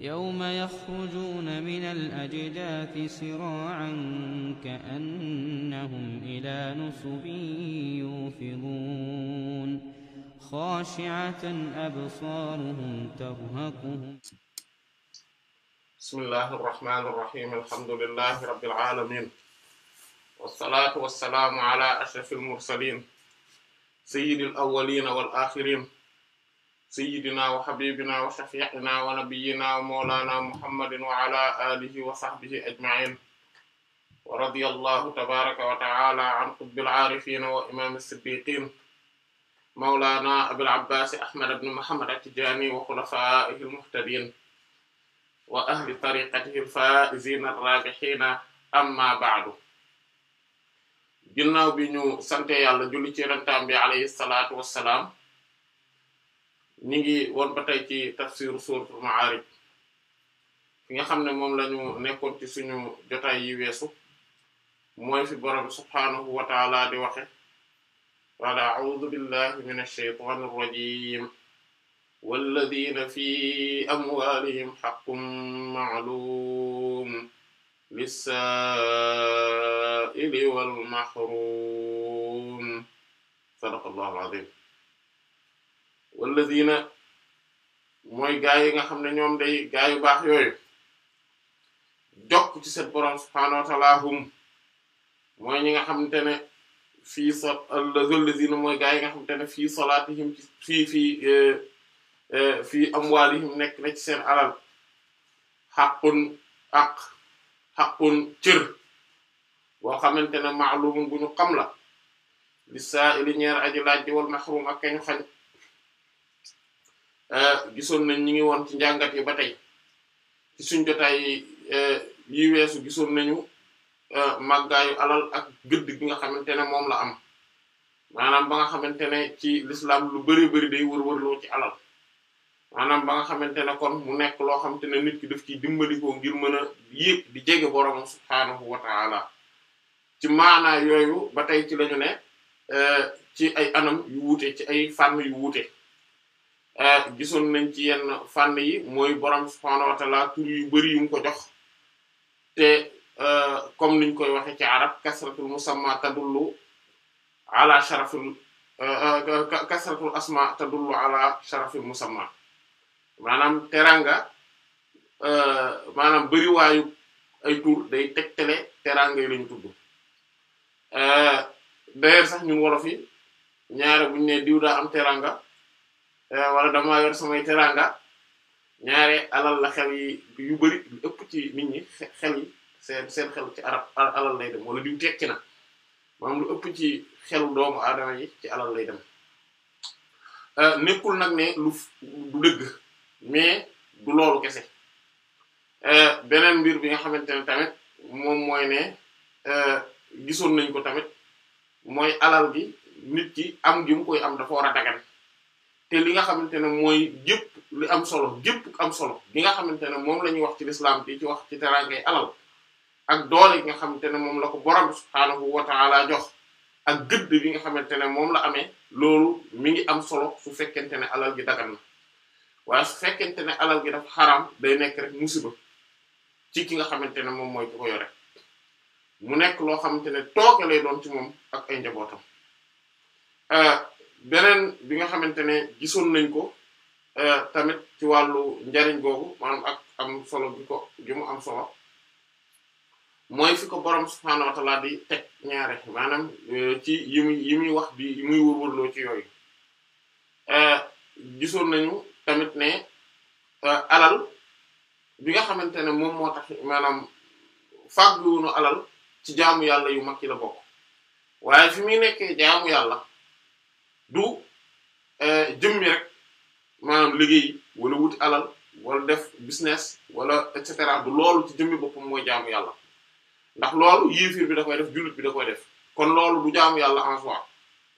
يوم يخرجون من الأجداث سراعا كأنهم إلى نصب يوفضون خاشعة أبصارهم ترهقهم بسم الله الرحمن الرحيم الحمد لله رب العالمين والصلاة والسلام على أشرف المرسلين سيد الأولين والآخرين sayyidina wa habibina wa shafi'ina wa nabiyyina wa mawlana muhammadin wa ala alihi wa sahbihi ajma'in wa radiyallahu tabaraka wa ta'ala an qutbil arifin wa imam as-siddiqin mawlana abil abbas ahmad ibn muhammad at-tijani wa khulafa'ihi al-muhtadin wa ahli tariqatihi al-faizin ar-rabihin amma ba'du ginnaaw bi ñu sante yàlla julli ci rantam bi alayhi salatu wassalam ñi ngi woon ba tey ci tafsiru nga xam ne moom la ñu nekkoon ci suñu jotaay yi weesu mooy fi borom subhaanahu wa taala di waxe wala a'uudu billahi min ash-shaytaani ar-rajiim walladiina fi amwaalihim haqqun ma'luum lis-saa'ili wal mahruum sadaqallaahu al-'aziim walladina mooy gaay yi nga xam ne ñoom day gaay yu baax yooyu jokk ci seen borom subhaanahu wa mooy ñi nga xamante ne fii so alladina mooy gaay yi nga xamante ne fii salaatihim ci fii fii e, e, fii amwaalihim nekk na ci seen alal xaqun aq xaqun cër boo xamante ne ma'lumun bu ñu xam la li saa ili ñeer aji laaj ji wal mahrum ak kañu Ah, gisoon nañ ñi ngi woon ci njàngat yi ba tey ci suñ jotaay eh, yi weesu gisoon nañu eh, yu alal ak gëdd bi nga xamante ne moom la am maanaam ba nga xamante ne ci lislaam lu bari bari day wër-wërloo ci alal maanaam ba nga xamante ne kon mu nekk loo xamante ne nit ki daf ciy dimbalikoo ngir mën a yéeg di jege boroomam subhaanahu wa taala ci maanaa yooyu ba tey ci lañu ne eh, ci ay anam yu wuute ci ay fànn yu wuute Euh, gisoon nañ ci yenn fànn yi mooy borom subhaanahu wa ta'ala tur yu bari yu ko jox te euh, comme niñ koy waxe ci arab kasratul musamma tadullu ala sharafil euh, kasratul asma tadullu ala sharafil musamma maanaam teranga maanaam bariwaayu ay tur day tegtale teranga yi lañu tudd d'ailleurs sax ñun wolof yi ñaare buñu ne diw am teranga Eh, wala damaa yor samay teranga ñaare alal la xel yi yu bari lu ëpp ci nit ñi xel yi seen xel ci arab alal lay dem wala diw tekki na maanaam lu ëpp ci xelu doomu aadama yi ci alal lay dem eh, nekkul nag ne lu du dëgg mais du loolu kese eh, beneen mbir bi nga xamante ne tamit moom mooy ne gisoon nañ ko tamit mooy alal gi nit ki am gi mu koy am dafa war a dagan te li nga xamante ne mooy jëpp li am solo jëpp am solo li nga xamante ne moom la ñuy wax ci lislaam bi ci wax ci teraangay alal ak doole yi nga xamante ne moom la ko borom subhaanahu wa ta'ala ak gëdd bi nga xamante ne moom la amee loolu mi ngi am solo su fekkente ne alal gi dagan na waaye su fekkente ne alal gi daf xaraam day nekk rek musiba ci ki nga xamante ne moom mooy ki ko yore mu nekk loo xamante ne tooke lay doon ci moom ak ay njabootam. Euh, beneen bi nga xamante ne gisoon nañ ko euh, tamit ci wàllu njariñ googu maanaam ak am solo bi ko gi am solo mooy fi ko borom subhaanahu wa ta'aala teg ñaare maanaam euh, ci yi muy yi muy wax bi yi muy ci yooyu euh, gisoon nañu tamit ne alal bi nga xamante ne moom moo tax maanaam fàgguwunu alal ci jaamu yàlla yu mag yi la bokk waaye fi muy nekkee jaamu yàlla du euh, jëmmi rek maanaam liggéey wala wuti alal wala def business wala et cetera du loolu ci jëmmi boppam mooy jaamu yàlla ndax loolu yéefir bi da koy def jullit bi da koy def kon loolu du jaamu yàlla en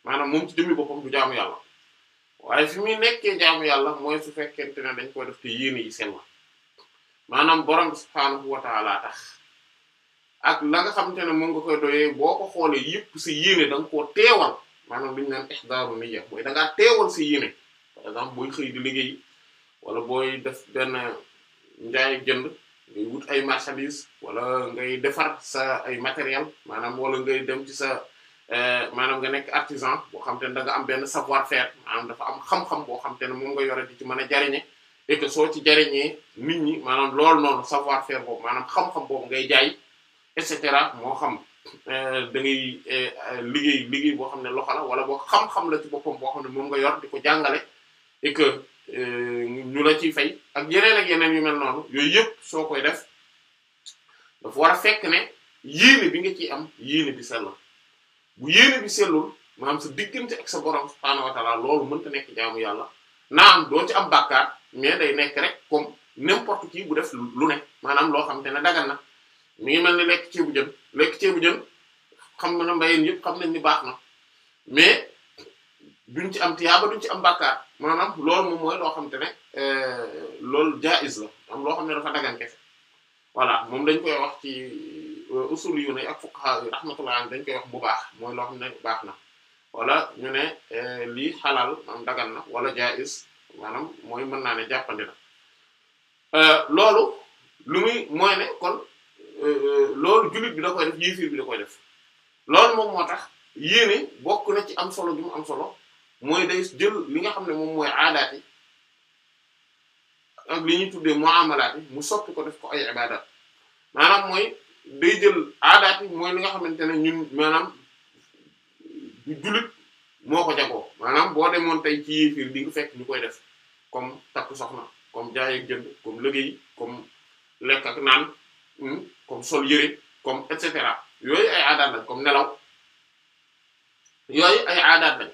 maanaam moom ci jëmmi boppam du jaamu yàlla waaye fi muy nekkee jaamu yàlla mooy su fekkente ne dañ koy def te yéene yi seen la maanaam borom bi subhaanahu wa tax ak la xam xamante ne moom koy doyee boo ko xoolee yëpp si yéene da nga koo teewal maanaam li ñu naan mi niyya mooy da ngaa teewal si yéene par exemple booy xëy di liggéey wala booy def benn njaay jënd ngay wut ay marchandise wala ngay defar sa ay matériel maanaam wala ngay dem ci sa eh, maanaam nga nekk artisan boo xam te ne da am benn savoir faire maanaam dafa am xam-xam boo xam te ne moom nga yora di ci mën a jariñe et soo ci jariñee nit ñi maanaam lool noonu savoir faire boobu maanaam xam-xam boobu ngay jaay et cetera moo xam Euh, da ngay euh, liggéey liggéey boo xam ne loxo la wala boo xam-xam la ci boppam boo xam ne moom nga yor di ko jàngale et que euh, ñu la ciy fay ak yeneen ak yeneen yu mel noonu yooyu yëpp soo koy def dafa war a fekk ne yéene bi nga ci am yéene bi sellul bu yéene bi sellul am sa diggante ak sa borom subhaanahu wa ta'ala loolu mënta nekk jaamu yàlla naam doo ci am bàkkaar mais day nekk rek comme n'importe qui bu def lu ne maanaam loo xam te ne dagan na mu mel ni lekk ceebu jën lekk ceebu jën xam nga ne mbayeen yëpp xam nañ ni baax na mais duñ ci am tiyaaba duñ ci am bàkkaar maanaam loolu moom mooy loo xamante ne euh, loolu jais la am loo xam ne dafa dagan kese voilà moom dañ koy wax ci euh, usul yu ne ak fuqaha yi rahmatullah dañ koy wax bu baax mooy loo xam ne baax na wala ñu ne euh, li xalaal am dagan na wala jaiz maanaam mooy mën naa ne jàppandi na loolu lu muy ne kon Euh, loolu jullit bi da koy def yéefir bi da koy def loolu moom moo tax yéene bokk na ci am solo gi mu am solo mooy day jël li nga xam ne moom mooy aadaat yi ak li ñuy tuddee mu soppi ko def ko ay mooy day jël aadaat yi li nga xamante ne ñun maanaam jullit moo ko jagoo maanaam boo demoon tey ci yéefir di nga fekk ñu koy def comme takk soxna comme jaay ak jënd comme liggéey comme lekk ak naan Hmm? comme sol yëre comme et cetera yooyu ay aadaat lañ comme nelaw yooyu ay aadaat lañ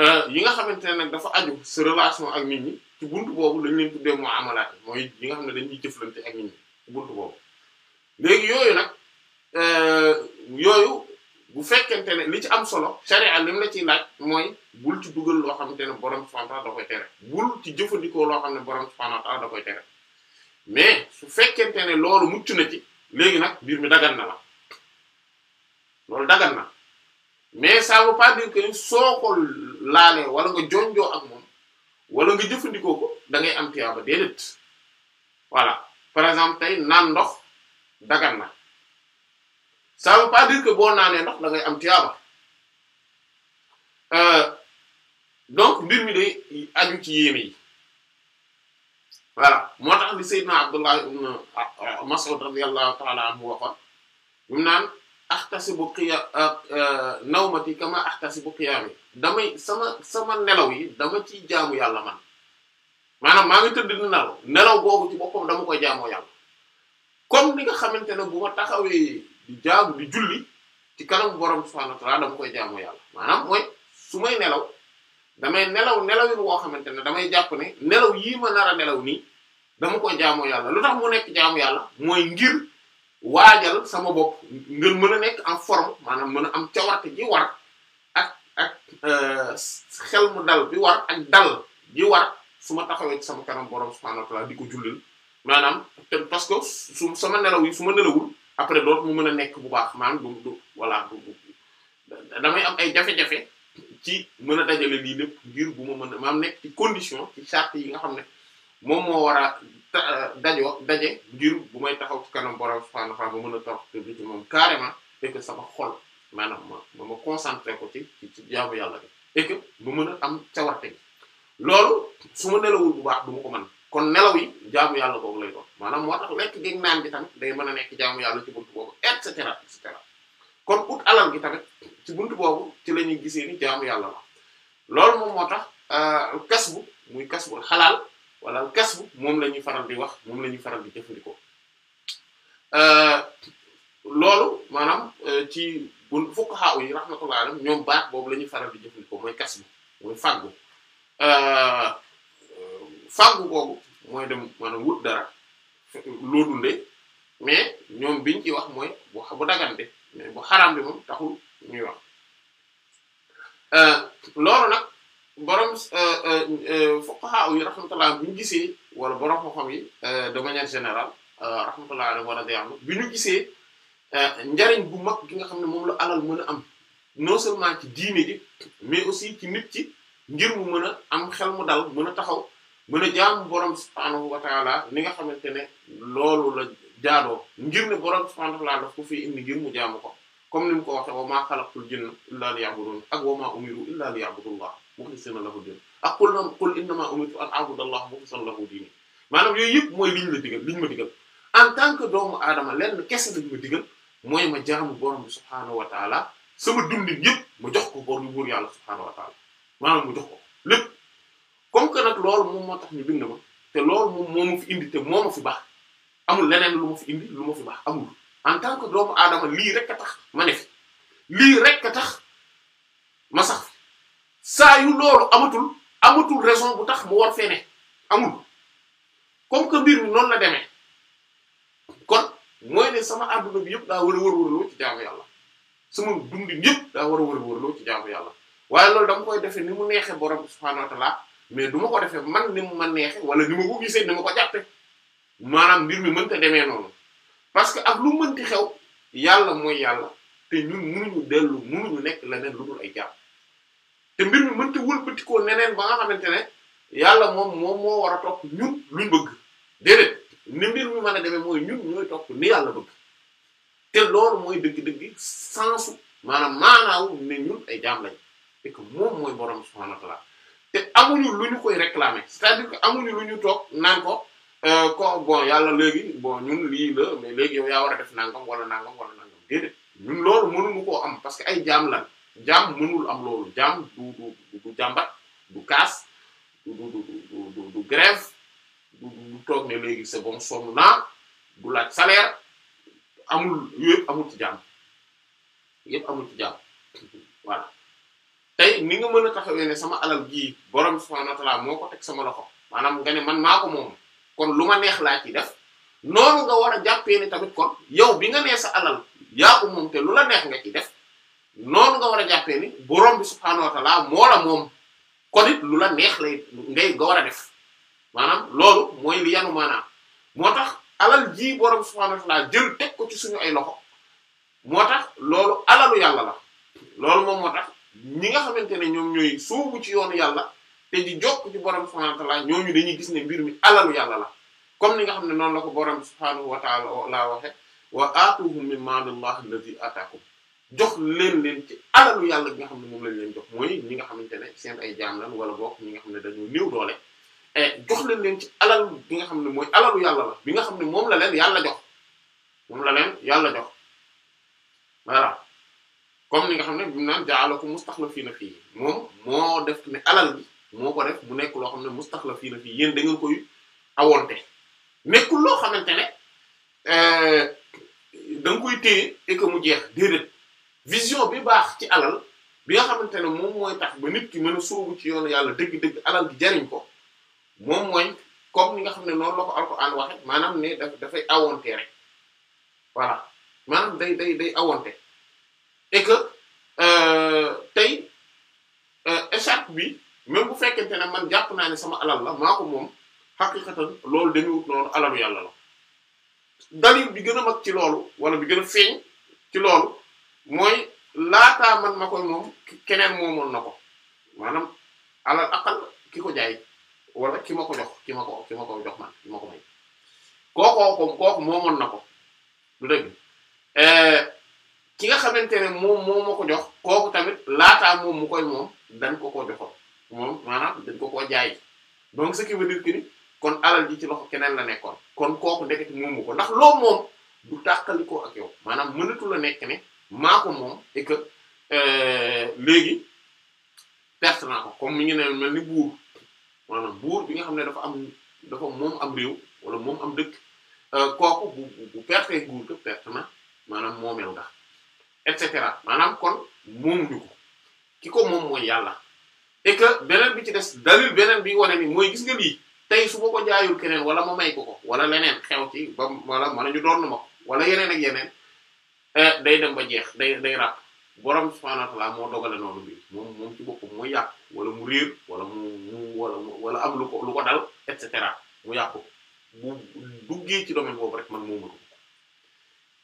euh, yi nga xamante ne nag dafa aju sa relation ak nit ñi ci buntu boobu lañ leen tuddee muamalaat mooy yi nga xam ne dañuy jëflante ak nit ñi ci buntu boobu léegi yooyu nag euh, yooyu bu fekkente ne li ci am solo sharia lim la ciy laaj mooy bul ci dugal loo xamante ne borom subhanahu wa ta'ala da koy tere bul ci jëfandikoo loo xam ne borom subhanahu wa ta'ala da koy tere mais su fekkente ne loolu mucc na ci léegi nag mbir mi dagan na la loolu dagan na mais ça veut pas dire que soo ko laalee wala nga jonjoo ak moom wala nga jëfandikoo ko dangay am tiyaaba déedéet voilà par exemple tey naan ndox dagan na ça veut pas dire que boo naanee ndox da ngay am tiyaaba euh, donc mbir mi day aju ci yéeme yi voilà moo tax li Seydina Abdullah ibn Mas'ud radiyallahu ta'ala anhu waxoon mu naan ahtasibu qiya uh, uh, nawmati kama ahtasibu qiyaami damay sama sama nelaw yi dama ci jaamu yàlla man maanaam maa ngi tëdd di nelaw nelaw boobu ci boppam dama koy jaamoo yàlla comme ni nga xamante ne bu ma taxawee di jaamu di julli ci kanam borom subhanahu wa dama koy jaamoo yàlla maanaam mooy su may nelaw. damay nelaw nelawin woo xamante ne damay jàpp ne nelaw yii ma nar a nelaw nii dama ko jaamu yàlla lu tax mu nekk jaamu yàlla mooy ngir waajal sama bopp ngir mën a nekk en forme maanaam mën a am cawarte ji war ak ak euh, dal bi war ak dal ji war ma taxawee ci sama kanam borom subhanahu wa maanaam parce que sama nelaw yi su ma nelawul après doot mu mën a nekk bu baax maanaam du du voilà damay am ay jafe-jafe ci mën a dajale lii lépp ngir bu ma mën a maam nekk ci condition ci charte yi nga xam ne moom moo war a euh, dajoo daje ngir bu may taxaw ci kanam borom subhanahu wa ta'ala mën a tax te ci moom carrément et que sama xol maanaam ma ma ma ko ci ci jaamu yàlla bi et que mën a am cawarte gi loolu su ma nelawul bu baax du ma ko man kon nelaw yi jaamu yàlla boobu lay doon maanaam moo tax lekk gi naan bi tamit day mën a nekk jaamu yàlla ci buntu boobu et kon ut alal gi tamit ci bunt boobu ci la ñuy gisee ni jaamu yàlla la loolu moom moo tax euh, kasbu muy kasbul xalaal wala bu moom la ñuy faral di wax moom lañuy faral di jëfandikoo euh, loolu maanaam euh, ci bu fuqaha yi rahmatullah alayhim ñoom baat boobu lañuy faral di jëfandikoo mooy kasbu mooy fàggu fàggu boobu mooy dem maanaam wut dara loo dundee mais ñoom biñ ci wax mooy bu bu dagante mais bu xaraam bi moom taxul ñuy wax euh, loolu nag borom euh, euh, fuqaha yi rahmatullah bi ñu gisee wala borom xam yi de manière générale rahmatullah wara wa radiyallahu bi ñu gisee njariñ bu mag gi nga xam ne moom la alal mën a am non seulement ci diine gi mais aussi ci nit ci njir mu mën a am xel mu dal mën a taxaw mën a jaamu borom subhaanahu wa taala ni nga xamante ne loolu la. jaadoo ngir ne borom subhaanahu wa ta'aala daf ko fi indi ngir mu jaamu ko comme ni mu ko waxee wa maa xalaqtul jinna illaa liya'buduun ak wa maa umiru illaa liya'budullaah muxlisiina lahu diin ak qul nam qul innamaa umirtu an a'buda allaah muxlisan lahu diini maanaam yooyu yëpp mooy liñ la ma digal en tant que doomu aadama lenn kese lañ ma digal mooy ma jaamu borom bi subhaanahu wa ta'aala sama dundin yëpp ma jox ko bor bi yàlla subhaanahu wa ta'aala maanaam ma jox ko lépp comme moom moo tax ñu bind ma te loolu moom fi indi te moo fi baax amul leneen lu ma fi indi lu ma fi baax amul en tant que doomu aadama lii rek a tax ma ne fi lii rek a tax ma sax saa yu loolu amatul amatul raison bu tax mu war fee ne amul comme que mbir mi la demee kon mooy ne sama adduna bi yëpp daa war a wërwërloo ci jaamu yàlla sama dundin yëpp daa war a wërwërloo ci jaamu yàlla waaye loolu dama koy defee ni mu neexee borom subhaanahu wa ta'ala mais du ma ko defee man ni mu ma neexee wala ni ma ko gisee ni ma ko jàppee. maanaam mbir mi mënta demee noonu parce que ak lu mënti xew yàlla mooy yàlla te ñun mënuñu dellu mënuñu nekk leneen lu dul ay jàmm te mbir mi mënta wëlbatikoo neneen ba nga xamante ne yàlla moom moom moo war a topp ñun luñ bëgg déedéet ni mbir mi mën a demee mooy ñun ñooy topp ni yàlla bëgg te loolu mooy dëgg-dëgg sensu maanaam maanaawu ne ñun ay jaam lañ et que moom mooy borom subhanahu wa amu te lu ñu koy réclamer c'est-à-dire que amuñu lu ñu toog naan ko ko euh, bon yàlla léegi bon ñun lii la mais léegi yow yaa war a def nangam wala nangam wala nangam déedéet ñun loolu mënuñu koo am parce que ay jaam lan jaam mënul am loolu jaam du du du du kaas du du du du du toog ne léegi c'est bom sonn naa du laaj salaire amul yëpp amul ci jaam yëpp amul ci jaam voilà tey ni nga mën a taxawee ne sama alal gii borom subhanahu wa ta'ala moo ko teg sama loxo maanaam nga ne man maa moom. kon lu ma neex laa ci def noonu nga war a jàppee ni tamit kon yow bi nga nee sa alal yaa ko moom te lu la neex nga ci def noonu nga war a jàppee ni borom bi subhaanahu wa moo la moom kon lu la neex lay ngay nga war a def maanaam loolu mooy li yanu maanaam moo tax alal ji borom subhaanahu wa ta'ala jël teg ko ci suñu ay loxo moo tax loolu alalu yàlla la loolu moom moo tax ñi nga xamante ne ñoom ñooy suubu ci yoonu yàlla te di ko ci borom subhaanahu wa ta'aala ñooñu gis ne mbir mi alalu yàlla la comme ni nga xam ne noonu la ko borom subhaanahu wa ta'aala laa waxe wa aatuhum min maalillahi alladhi ataakum jox ci alalu yàlla bi nga xam ne leen jox mooy ñi nga xamante ne seen ay jaam wala bokk ñi nga xam ne dañoo néew doole e jox leen leen ci alal bi nga xam ne mooy alalu yàlla bi nga xam ne moom la leen yàlla jox moom la leen yàlla jox voilà comme ni nga xam ne bi mu naan ja'alakum mustaxlafiina fii moom moo def ne alal bi moo ko def bu nekk loo xam ne mustaxlafiina fii yéen da ngeen koy awonte nekkul loo xamante ne euh, da nga koy téye et mu jeex déedéet vision bi baax ci alal bi nga xamante ne moom mooy tax ba nit ki mën a sóobu ci yoonu yàlla dëgg-dëgg alal gi jariñ ko moom mooy comme ni nga xam ne noonu la ko alxuraan maanaam ne da dafay awonte rek voilà maanaam day day day awonte et que euh, tey euh, écharpe bi même bu fekkente ne man jàpp naa ne sama alal la maa moom xaqiqatan loolu dañu wut noonu alalu yàlla la dalil bi gën a mag ci loolu wala bi gën a feeñ ci loolu mooy laataa man ma koy moom keneen moomoon na ko maanaam ki ko jaay wala ki ma ko na ko eh, ki nga xamante ne moom moo ma ko jox kooku tamit laataa moom mu koy moom dañ ko koo joxoon moom maanaam dañ ko koo jaay donc ce qui veut dire ni kon alal ji ci loxo keneen la nekkoon kon kooku ndekete moom ko ndax loo moom du tàqali ak yow maanaam mënatu la nekk ne maa ko moom et que euh, léegi perte naa ko comme mi ngi ne mel ni buur maanaam buur bi nga xam ne dafa am dafa moom am réew wala moom am dëkk euh, kooku bu bu perte guur ga perte na maanaam moomeel nga et cetera maanaam kon moom ñu ko ki ko moom mooy yàlla et beneen bi ci des dalil beneen bi wane ni mooy gis nga lii tey su ma ko jaayul keneen wala ma may ko ko wala leneen xew ci ba wala mën nañu doon ma ko wala yeneen ak yeneen eh, day dem ba jeex day day boroom borom subhanahu wa moo dogale noonu bi moom moom ci boppam wala mu réer wala mu mu wala wala am lu ko et cetera mu yàqu bu ci domaine boobu rek man moo mën ko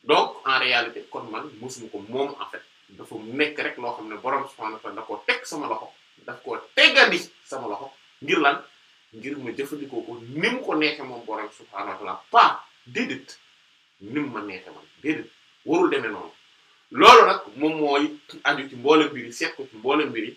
donc en réalité kon man mosuma ko moom en fait dafa nekk rek loo xam ne borom subhanahu wa ta'ala da koo teg sama loxo. daf koo teggandi sama loxo ngir lan ngir ma jëfandikoo ko nim ko neexe moom borom subhaanahu wa ta'ala pas déedéet ni mu ma neexe man déedéet warul demee noonu loolu nag moom mooy aju ci mboolem mbir yi seet ko ci mboolem mbir yi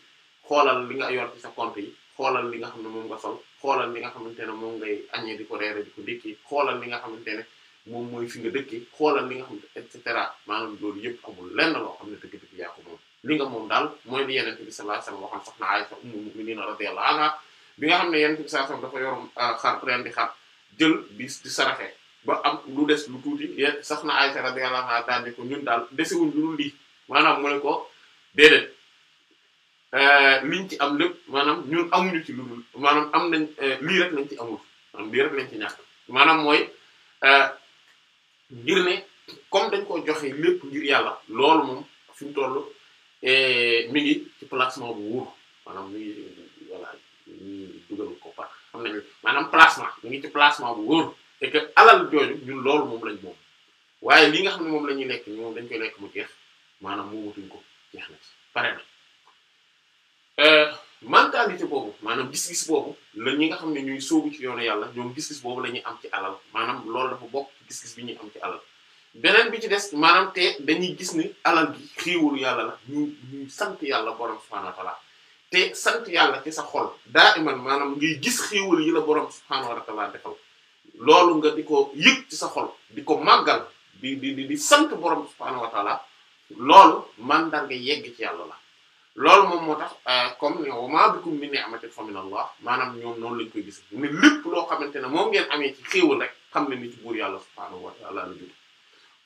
xoolal li nga yor sa compte yi xoolal li nga xam ne moom nga sol xoolal li nga xamante ne moom ngay añee di ko reere di ko dékkee xoolal li nga xam ne moom mooy fi nga dëkkee xoolal li nga xam et cetera maanaam loolu yëpp amul lenn loo xam ne dëgg-dëgg yaa ko li nga moom daal mooy li yenente bi sallallahu alayhi wasallam waxoon soxna Aysa ummu mu'minin radiyallahu bi nga xam ne yenente bi sallallahu alayhi wasallam dafa yorum euh, xar jël di di saraxe ba am lu des lu tuuti yéen soxna Aysa radiyallahu anha daal di ko ñun daal desewuñ lu dul lii maanaam mu ne ko déedéet euh, liñ ci am lépp maanaam ñun amuñu ci lu dul maanaam am nañ euh, lii rek lañ ci amul maanaam rek lañ ci ñàkk maanaam mooy ngir ne kom dañ ko joxe lépp ngir yàlla loolu moom fi mu Eh, mi ngi ci placement bu wóor maanaam mi ngi voilà ñu dugal ko par xam nañ maanaam placement mi ngi ci placement bu wóor et que alal jooju ñun loolu moom lañ moom waaye li nga xam ne moom la ñuy lekk ñoom dañ koy lekk mu jeex maanaam mu moomutuñ ko jeex na pare na eh, mentalité boobu maanaam gis-gis boobu la ñi nga xam ne ñuy sóobu ci yoonu yàlla ñoom gis-gis boobu la ñuy am ci alal maanaam loolu dafa bokk ci gis-gis bi ñuy am ci alal beneen bi ci des maanaam te dañuy gis ni alal gi xéewalu yàlla la ñu sant yàlla borom subhaanahu wa ta'ala te sant yàlla ci sa xol daa iman maanaam ngay gis xéewal yi la borom subhaanahu wa ta'ala defal loolu nga di ko yëg ci sa xol di ko màggal di di di sant borom subhaanahu wa ta'ala loolu mandarga yegg ci yàlla la loolu moom moo tax euh, comme ne wa maa bikum min ni'matin fa min Allah maanaam ñoom noonu lañ koy gis ne lépp loo xamante ne moom ngeen amee ci xéewal rek xam ne ni ci buur yàlla subhaanahu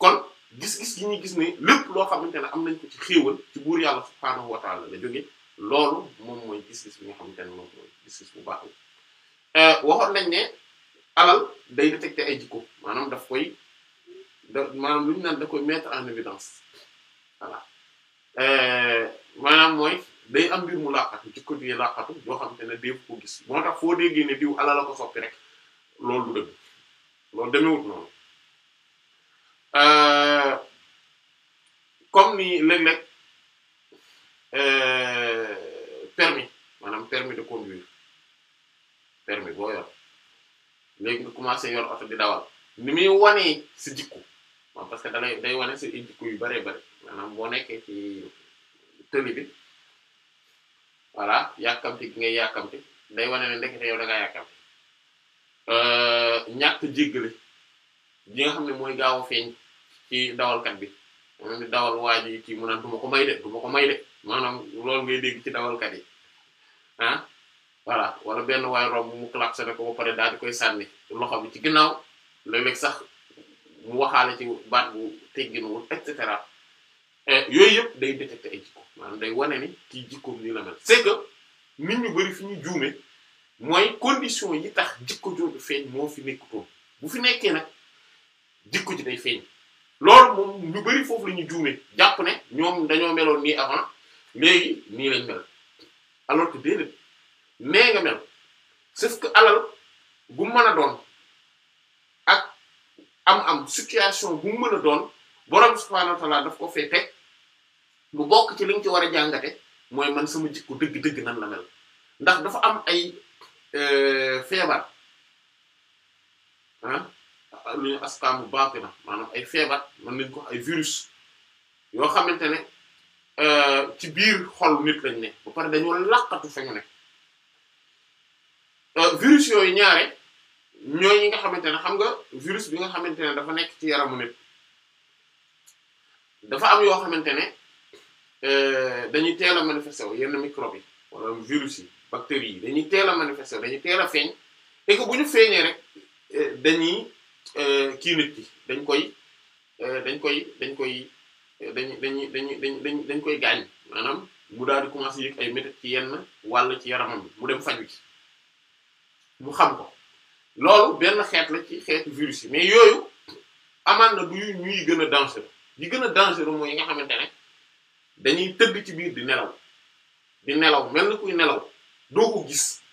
kon gis-gis yi ñuy gis ne lépp loo xamante ne am nañ ko ci xéewal ci buur yàlla subhaanahu wa ta'ala la jóge loolu moom mooy gis-gis bi nga xamante ne moom mooy gis-gis bu baax la euh, waxoon day détecter maanaam daf koy maanaam lu ñu naan da en évidence voilà euh, maanaam mooy day am mbir mu laqatu jikko ji laqatu yoo xamante ne dee ko gis moo tax foo déggee ne diw alal la ko soppi rek loolu dëgg loolu demewut noonu Euh, comme ni léeg-léeg euh, permis maanaam permis de conduire permis boo yor léegi nga commencé yoon oto di dawal ni muy wanee si jikko parce que dalay day wane si i jikko yu bare bare maanaam boo nekkee ci tëli bi voilà yàkkamti gi ngay yàkkamti day wane ne ndekete yow da ngaa yàkkamti euh, ñàkk jéggale li nga xam ne mooy gaaw a feeñ ci dawalkat bi maanaam di dawal waa ji kii mu naan du ma ko may de du ko may de maanaam loolu ngay dégg ci dawalkat yi ah voilà wala benn waay romb mu klaxon ne ko ba pare daal di koy sànni loxo bi ci ginnaaw léeg-léeg sax mu waxaale ci baat bu tegginuwul et cetera eh, yooyu yëpp day détecté ay jikko maanaam day wane ni kii jikkoom nii la mel c'est que nit ñu bari fi ñu juume mooy condition yi tax jikko jooju feeñ moo fi nekkutoon bu fi nekkee nag. jikko ji day feeñ loolu moom ñu bari foofu la ñu juumee jàpp ne ñoom dañoo meloon nii avant léegi nii lañ mel alors que déedéet nee nga mel c'est que alal bu mën a doon ak am-am situation bu mën a doon borom subhaanahu wa ta'aala daf ko fee mu bokk ci li nga ci war a jàngate mooy man sama jikko dëgg-dëgg nan la mel ndax dafa am ay euh, feebar ah? lu ñu askaamu na maanaam ay feebar mën nañ ko ay virus yoo xamante ne euh, ci biir xol nit lañ pare dañoo laqatu fa ñu ne euh, virus yooyu ñaare ñooy yi nga xamante ne xam nga virus bi nga xamante ne dafa nekk ci yaramu nit dafa am yoo xamante ne euh, dañuy teel a manifesté wu yenn microbe yi wala virus yi bactéries yi dañuy teel a dañuy teel a feeñ et que bu ñu feeñee rek dañuy Euh, kii nit ki dañ koy euh, dañ koy dañ koy euh, dañ dañ dañuy dañ dañ koy gaañ maanaam mu daal di commencer yëg ay métit ci yenn wàll ci yaramam bi mu dem faju ci mu xam ko loolu benn xeet la ci xeetu virus yi mais yooyu amaan na du ñuy gën a dangereux yi gën a dangereux mooy yi nga xamante ne dañuy tëgg ci biir di nelaw di nelaw mel na kuy nelaw doo ko gis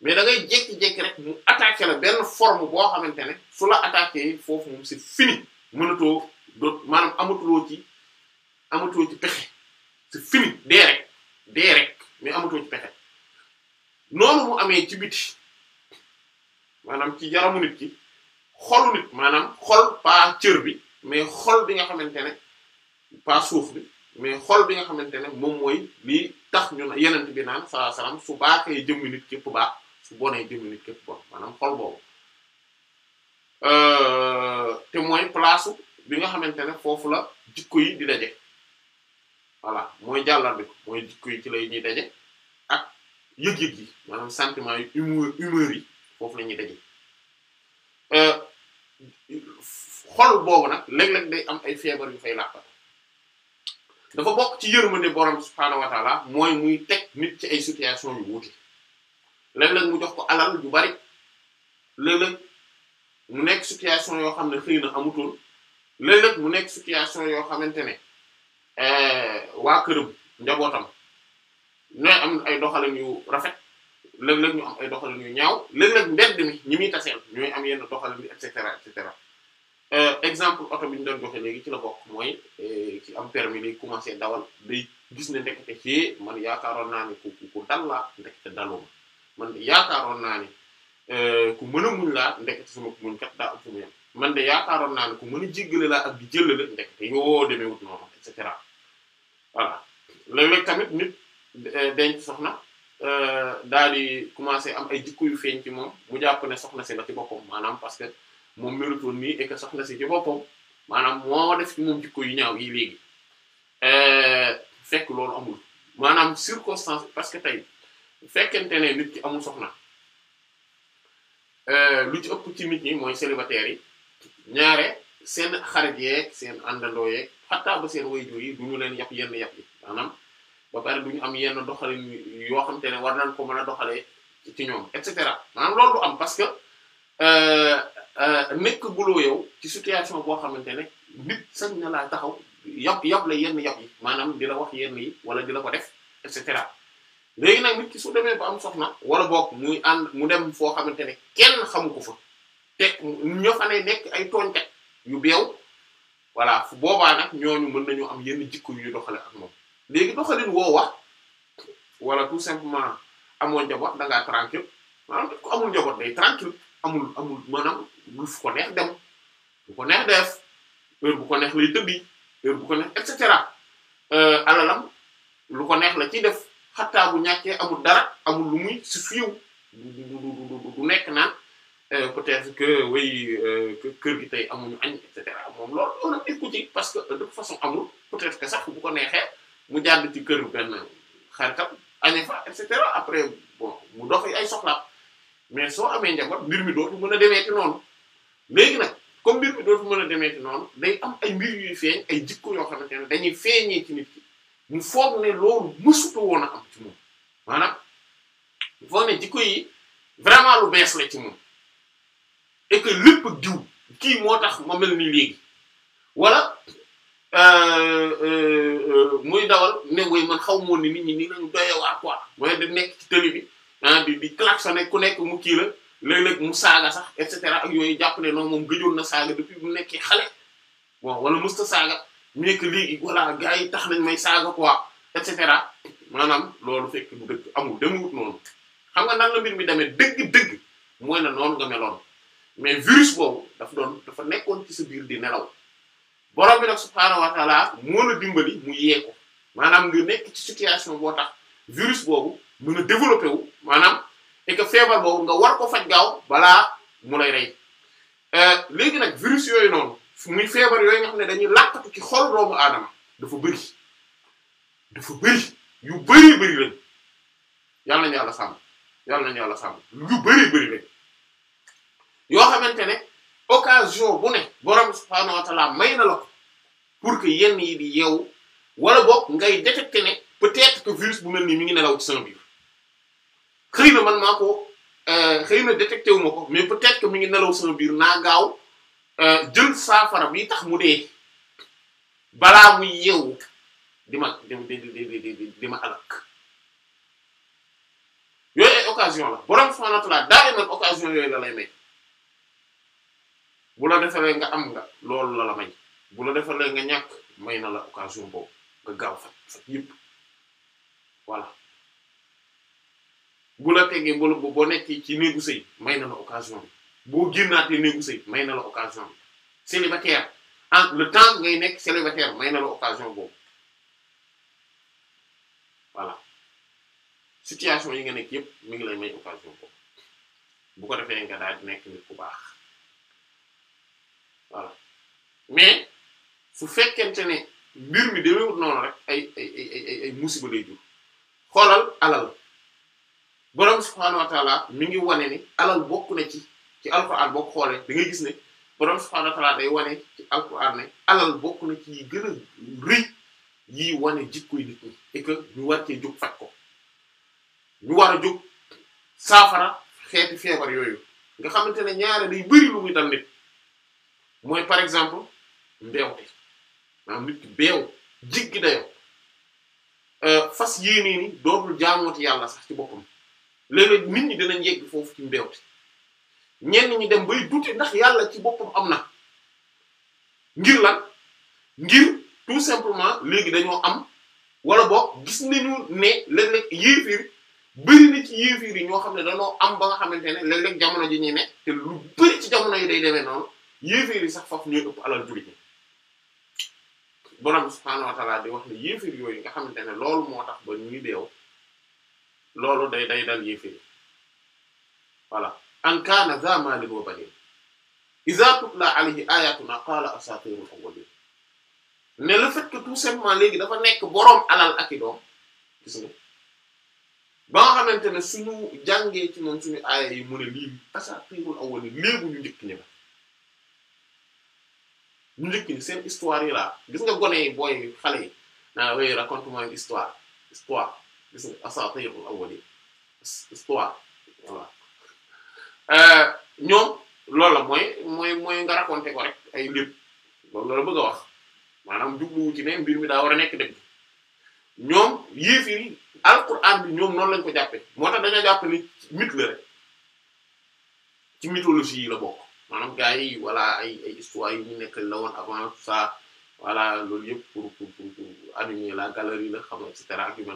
mais da ngay jékki-jékki rek mu attaqué la benn forme boo xamante ne su la attaqué foofu moom c'est fini mënatoo doot maanaam amatuloo ci amatoo ci pexe c'est fini dee rek dee rek mais amatoo ci pexe noonu mu amee ci biti maanaam ci yaramu nit ki xolu nit maanaam xol pas cër bi mais xol bi nga xamante ne pas suuf bi mais xol bi nga xamante ne moom mooy lii tax ñu yenent bi naan sallallahu alayhi wasallam su baaxee jëmmi nit képp baax su bonee jëmmi nit képp bon maanaam xol boobu Euh, te mooy place bi nga xamante ne foofu la jikko yi di daje voilà mooy jàllar bi mooy jikko yi ci lay ñuy daje ak yëg-yëg yi maanaam sentiment yi humeur yi foofu la ñuy daje euh, xol boobu nag léeg-léeg day am ay feebar yu fay làqat dafa bokk ci yërmande borom subhaanahu wa taala mooy muy teg nit ci ay situation yu wuute léeg-léeg mu jox ko alal yu bari léeg-léeg mu nekk situation yoo xam ne xëy na amutoon léeg-léeg mu nekk situation yoo xamante ne eh, waa këram njabootam ñooy am ay doxalin yu rafet léeg-léeg ñu am ay doxalin yu ñaaw léeg-léeg mbedd mi ñi muy taseel ñooy am yenn doxalin yi et cetera et cetera eh, exemple oto bi doon joxe léegi ci la bokk mooy eh, ci am permis ni commencé dawal day gis ne ndekete ci man yaakaaroon naa ne ku ku dal laa ndekete daluma man yaakaaroon naa ne. Euh, ku mën a muñ laa ndekete sama ku muñ kat daa am fu mu man de yaakaaroon naa ne ku mën a jéggale laa ak di jëllale ndekete yoo demee wut noonu et cetera voilà léeg-léeg tamit nit euh, denc soxna euh, daal di commencé am ay jikko yu feeñ ci moom mu jàpp ne soxna si la ci que moom melutoon nii et soxna si ci boppam maanaam moo def ci moom jikko yu ñaaw yi léegi fekk loolu amul maanaam circonstance parce que tey fekkente ne nit ki amul soxna. Euh, lu ci ëpp ci nit ñi mooy célibataires yi ñaare seen xarit yeeg seen àndandoo yeeg xataa ba seen wayjur yi du ñu leen yàq yenn yàq yi maanaam ba pare du ñu am yenn doxalin yoo xamante ne war nañ ko mën a doxalee ci ñoom et cetera maanaam loolu du am parce que euh, euh, nekk guloo yow ci situation boo xamante ne nit sañ na laa taxaw yàpp yàpp la yenn yàpp yi maanaam di la wax yenn yi wala di la ko def et cetera. léegi nag nit ki su demee ba am soxna wala bokk muy ànd mu dem foo xamante ne kenn xamu ko fa te ñoo fa ne nekk ay tooñkat yu beew voilà fu boobaa nag ñooñu mën nañu am yenn jikko yu ñu doxale ak moom léegi doxalin woo wax wala tout simplement amoo njaboot da ngaa tranquille njaboot day tranquille amul amul maanaam lu fu ko neex dem bu ko neex def heure bu ko neex lay tëbbi heure ko neex et cetera euh, alalam lu ko neex la ciy def xattaa bu ñàkkee amul dara amul lu muy si fiiw du du du du nekk naan euh, peut-être que way euh, kër gi tey amuñu añ et cetera moom lool loolu nekku ci parce que de façon amul peut-être que sax bu ko neexee mu jàdd ci kër benn xaritam añe fa et cetera après bon mu ay soxla mais soo amee njaboot mbir mi dootu mën a demee ci noonu léegi nag comme mbir mi dootu mën a demee ci noonu day am ay mbir yuy feeñ ay jikko yoo xamante ne dañuy feeñee ci nit ki mu foog ne loolu mësutu woon a am ci moom maanaam ñu foog ne jikko yi vraiment lu bees la ci moom et lépp diw kii moo tax ma mel ni léegi wala euh, euh, euh, muy dawal ne man xaw moon ni nit ñi nii lañu doye waa quoi mooy da nekk ci télé bi ah di di klaxonné ku nekk mu kii la léeg-léeg mu saaga sax et cetera ak yooyu jàpp ne noonu moom gëjoon na saaga depuis bu nekkee xale bon wala mësta saaga mu nekk léegi voilà gars yi tax nañ may saaga quoi et cetera maanaam loolu fekk bu dëgg amul demewut noonu xam nga nan la mbir mi demee dëgg-dëgg mooy na noonu nga meloon mais virus boobu dafa doon dafa nekkoon ci sa biir di nelaw borom bi nag subhaanahu wa moo dimbali mu ko maanaam nga nekk ci situation boo tax virus boobu mën a développé wu maanaam et que feebar boobu nga war ko faj gaaw balaa mu lay rey euh, léegi nag virus yooyu noonu. muy feebar yooyu nga xam ne dañuy làkkatu ci xool doomu aadama dafa bëri dafa bëri yu bëri bëri lañ yàlla nañu yàlla sàmm yàlla nañu yàlla sàmm yu bëri bëri lañ yoo xamante ne occasion bu ne borom subhaanahu wa ta'ala may na la ko pour que yenn yi di yeewu wala boog ngay détecter ne peut que virus bu mel nii mu ngi nelaw ci sama biir xëy na man maa ko euh, xëy na détecté wu ma ko mais peut-être que mi ngi nelaw sama biir naa gaaw. Euh, jël saafara bi tax mu dee balaa muy yeewu di ma di di ma alak yooyu ay occasion la borom subhanahu wa ta'ala daa iman occasion yooyu la lay may bu la defalee nga am nga loolu la la may bu la defalee nga ñàkk may na la occasion boobu nga gaaw fat fat yëpp bu la tegee bu boo nekk ci néegu sëy may na la occasion bi boo génnaatee néegu sëy may na la occasion bi célibataire ah, le temps ngay nekk célibataire may na la occasion boobu voilà situation yi nga nekk yépp mu ngi lay may occasion boobu bu ko defee nga daal nekk nit ku baax voilà mais su fekkente ne mbir mi demewut noonu rek ay ay ay musiba lay jur xoolal alal borom subhaanahu wa taala mi ngi wane ni alal bokk na ci ci alquran boo xoolee da ngay gis ne borom subhaanahu wa ta'aala day wane ci alquran ne alal bokk na ci yi gën a rëy yi wane jikkoy nit ñi et que ñu war cee jóg faj ko ñu war a jóg saafara xeeti feebar yooyu nga xamante ne ñaare day bëri lu muy dal mooy par exemple mbeewte maanaam nit ki beew jiggi euh, fas yéenee ni dootul jaamooti yàlla sax ci boppam léeg-léeg nit ñi dinañ yegg foofu ci mbeewte ñenn ñi dem bay duti ndax yàlla ci boppam am na ngir lan ngir tout simplement léegi dañoo am wala boog gis nañu ne léeg-léeg yéefiir bëri ci yéefiir yi ñoo xam ne dañoo am ba nga xamante ne léeg-léeg jamono ji ñi ne te lu bëri ci jamono yi day demee noonu yéefiir yi sax foofu ñuy ëpp alal jullit ñi borom subhaanahu wa ta'aala di wax ne yéefiir yooyu nga xamante ne loolu moo tax ba ñuy deew loolu day day dal yéefiir voilà an kaana za maalin wa baniin iza tutla alayhi ayatuna qaala asatirul awwalin ne le fait que tout simplement léegi dafa nekk boroom alal ak i doom ba nga xamante ne suñu ci moom suñu aaya yi mu ne lii asatirul awwalin léegi ñu njëkk ñi la ñu seen histoire yi laa gone yi booy xale naa wéy raconte-moi une histoire histoire gis nga asatirul awwalin Euh, ñoom loolu la mooy mooy mooy nga raconté ko rek ay lépp loolu la bëgg a wax maanaam jubluwu ci ne mbir mi daa war a nekk dëgg ñoom yéef yi alquran ñoom noonu lañ ko jàppe moo tax dañoo jàpp ni la rek ci mythologie yi la bokk maanaam gars yi wala ay ay histoire yu ñu nekk la woon avant ça voilà loolu yëpp pour pour pour pour animer la galerie la xam nga et cetera ak bi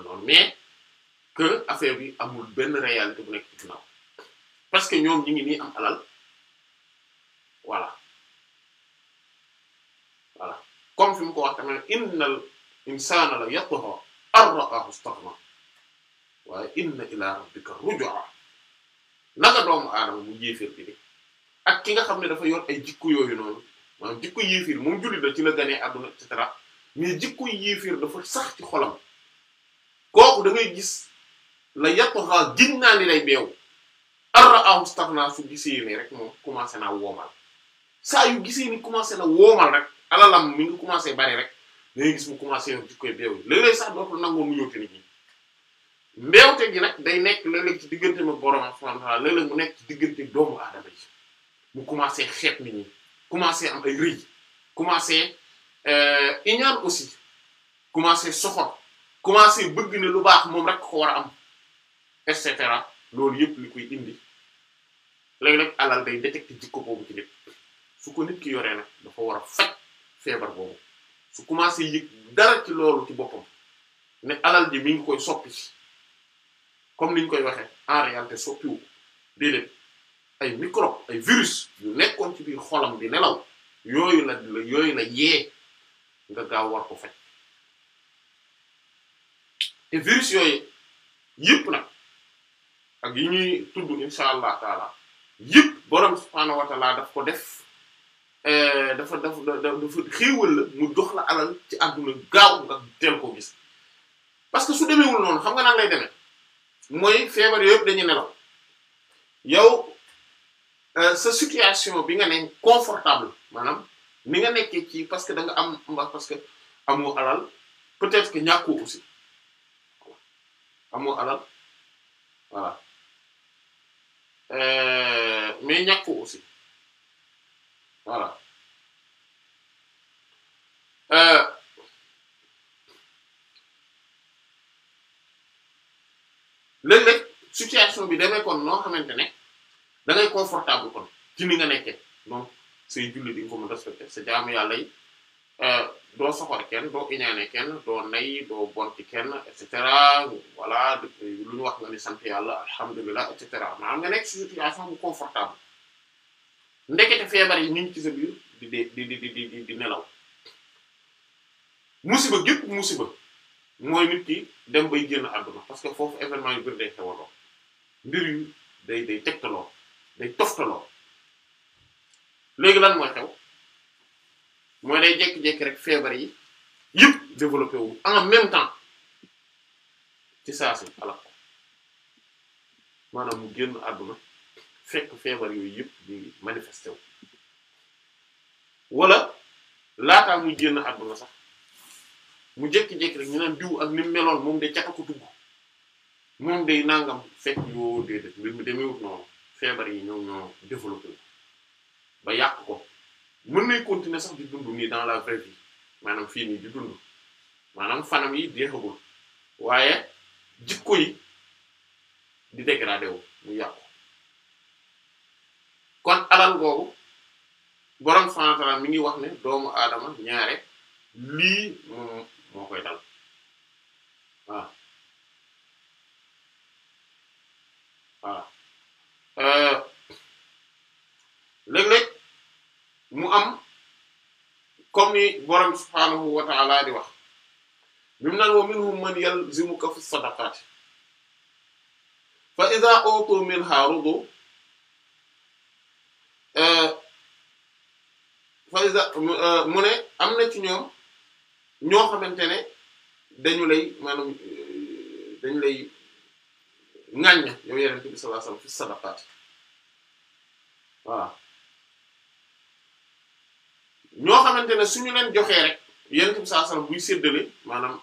amul benn réalité bu nekk ci ginnaaw parce que ñoom ñi ngi nii am alal voilà voilà comme fi mu ko wax tamit innal insaana la yatgha an ra'ahu istaghna waaye inna ila rabbika ruj'a naka doomu aadama mu yéeféer bi ni ak ki nga xam ne dafa yor ay jikko yooyu noonu maanaam jikko yéeféer moom jullit la ci la ganee àdduna et cetera mais jikko yéeféer dafa sax ci xolam kooku da gis la yatgha giñ lay beew ar ra'ahu staghnaa su gisee ni rek moom commencé naa woomal saa yu gisee ni commencé na woomal rek alalam mi ngi commencé bari rek dangay gis mu commencé yor jikkoy beew yi léeg sax dootul nangoo mu ñëw te nit ñi gi nag day nekk léeg-léeg ci diggante ma borom subhanahu wa ta'ala léeg mu doomu aadama yi mu commencé xeet nit ñi commencé am ay rëy commencé euh, iñaan aussi commencé soxor commencé bëgg ne lu baax moom rek ko war a am et cetera loolu yëpp li koy indi léegi léeg alal day détecté jikko boobu ci nit su ko nit ki yoree nag dafa war a faj feebar boobu su commencé yëg dara ci loolu ci boppam ne alal ji mi ngi koy soppi ci comme niñ koy waxee en réalité soppiwu déedéet ay microbe ay virus nekkoon ci biir xolam bi nelaw yooyu la yooyu la yee nga gaaw war ko faj te virus yooyu yëpp nag ak yi ñuy tudd insha allah taala yëpp borom subhaanahu wa ta'ala daf ko def eh, dafa dafa dafa xéewal la mu dox la alal ci àdduna gaaw nga teel koo gis parce que su demeewul noonu xam nga naa lay demee mooy feebar yooyu yëpp dañuy nelaw yow eh, sa situation bi nga ne confortable maanaam ni nga nekkee ci parce que danga am parce que amoo alal peut-être que ñàkkoo aussi amoo alal voilà Euh, mais ñàkk aussi voilà euh, léeg-léeg bi demee kon noo xamante ne da ngay confortable kon ci ni nga nekkee donc say julli di nga ko mu respecté sa jaamu yàlla yi Euh, doo soxor kenn doo iñaane kenn doo nay doo bon kenn et cetera voilà lu ñu wax nga ni sant yàlla alhamdulilah et cetera maanaam nga nekk ci situation bu confortable ndekete feebar yi ñu ci sa biir di di di di di di nelaw musiba gépp musiba mooy nit ki dem bay génn àdduna parce que foofu événement yu bëri day xewaloo mbir yu day tegtaloo day toftaloo léegi lan mooy xew mooy day jékki-jékki rek feebar yi yëpp développé wu en même temps ci saa si alal ko maanaam mu génn àdduna fekk feebar yooyu yëpp ñu ngi manifesté wu wala laataa muy génn àdduna sax mu jékki-jékki rek ñu naan diw ak ni mu meloon moom day caka ko dugg moom day nangam fekk yoo déedéet mbir mi demewut noonu feebar yi ñoom ñoo développé ba yàq ko. mën nay continuer sax di dund nii dans la vraie vie maanaam fii nii di dund maanaam fanam yi jeexagul waaye jikko yi di dégradé mu yàqu kon alal googu borom santalam mi ngi wax ne doomu aadama ñaare lii moo koy dal waaw waaw euh, léeg-léeg mu am comme ni borom subhaanahu wa ta'ala di wax bi mu naan wa minhum man yalzimuka fi sadaqaati fa idha utu minha rudu eh, fa iza eh, mu ne am na ci ñoom ñoo xamante ne dañu lay maanaam eh, dañu lay ŋàññ yow yenente bi sallallahu alayhi wasallam ñoo xamante ne suñu leen joxee rek yonent bi sallallahu buy séddale maanaam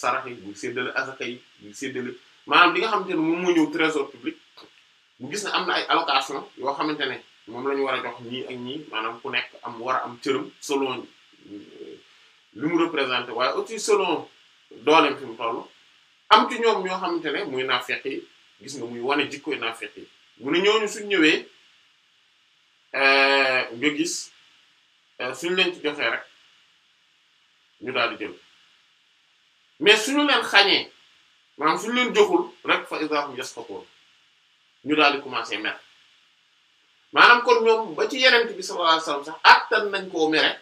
sarax yi buy séddale azaka yi buy séddale maanaam li nga xamante ne moom moo ñëw trésor public bu gis ne am na ay allocation yoo xamante ne moom la ñu war a jox ñii ak ñii maanaam ku nekk am war a am cërëm selon euh, li mu représenté waaye aussi selon dooleem fi mu toll am ci ñoom ñoo xamante ne muy naafeq yi gis nga muy wane jikkoy naafeq yi mu ne ñooñu suñ ñëwee euh, nga gis Euh, suñ leen ci joxee rek ñu daal di jël mais suñu leen xañee maanaam suñu leen joxul rek fa isahum yasqatun ñu daal di commencer mer maanaam kon ñoom ba ci yeneen bi sa alayhi wasallam sax attan nañ koo mere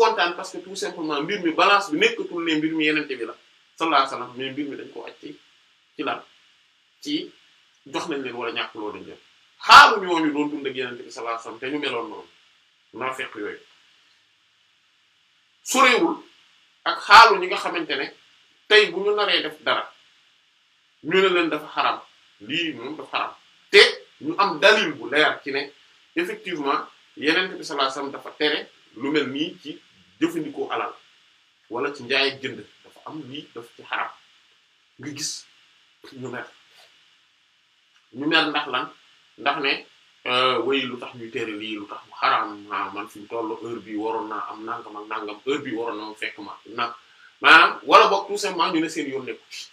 kontaan parce que tout simplement mbir mi balance bi nekkatul ne mbir mi yeneen bi la sallallahu alayhi wasallam mais mbir mi dañ koo aj ci lan ci jox nañ leen wala ñàkk loo dañ jël xaaru ñooñu doon dund ak yeneen bi sallallahu alayhi te ñu meloon noonu. naa naafeq yooyu sorewul ak xaalu ñi nga xamante ne tey bu ñu naree def dara ñu ne leen dafa xaram lii moom dafa xaram te ñu am dalil bu leer ci ne effectivement yeneen bi sallallahu dafa tere lu mel nii ci jëfandikoo alal walla ci njaay jënd dafa am lii dafa ci xaram nga gis ñu mer ñu mer ndax lan ndax ne wéy euh, lu tax ñuy tere lii lu tax mu xaraam man fi mu toll heure bi waroon naa am nangam ak nangam heure bi waroon na mu fekk ma na maanaam wala boog tout simplement ñu ne seen yoon nekku ci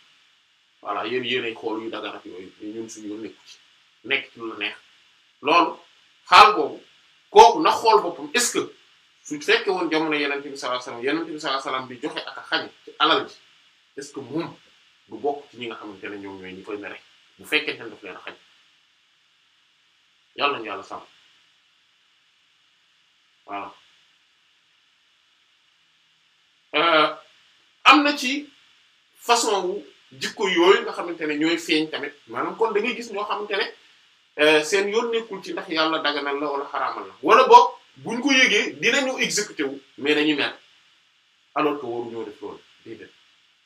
voilà yéen yéenay xool yu yooyu ñun suñu yoon nekku nekk ci lu neex loolu xaal boobu kooku na xool boppam est-ce que su fekkee woon jamono yonent bi sallallahu alayhi wasallam yonent bi bi joxe ak a xañ est-ce que moom du bokk ci ñi nga xamante ne ñoom ñooy ñi koy mere bu fekkente ne daf leen a xañ yàlla ñu yàlla sàmm waaw euh, am na ci façon wu jikko yooyu nga xamante ne ñooy feeñ tamit maanaam kon da gis ñoo xamante ne euh, seen yoon nekkul ci ndax yàlla daganal la wala xaraamal la wala boog buñ ko yéegee dinañu exécuté wu mais dañu mel alors que waru ñoo def loolu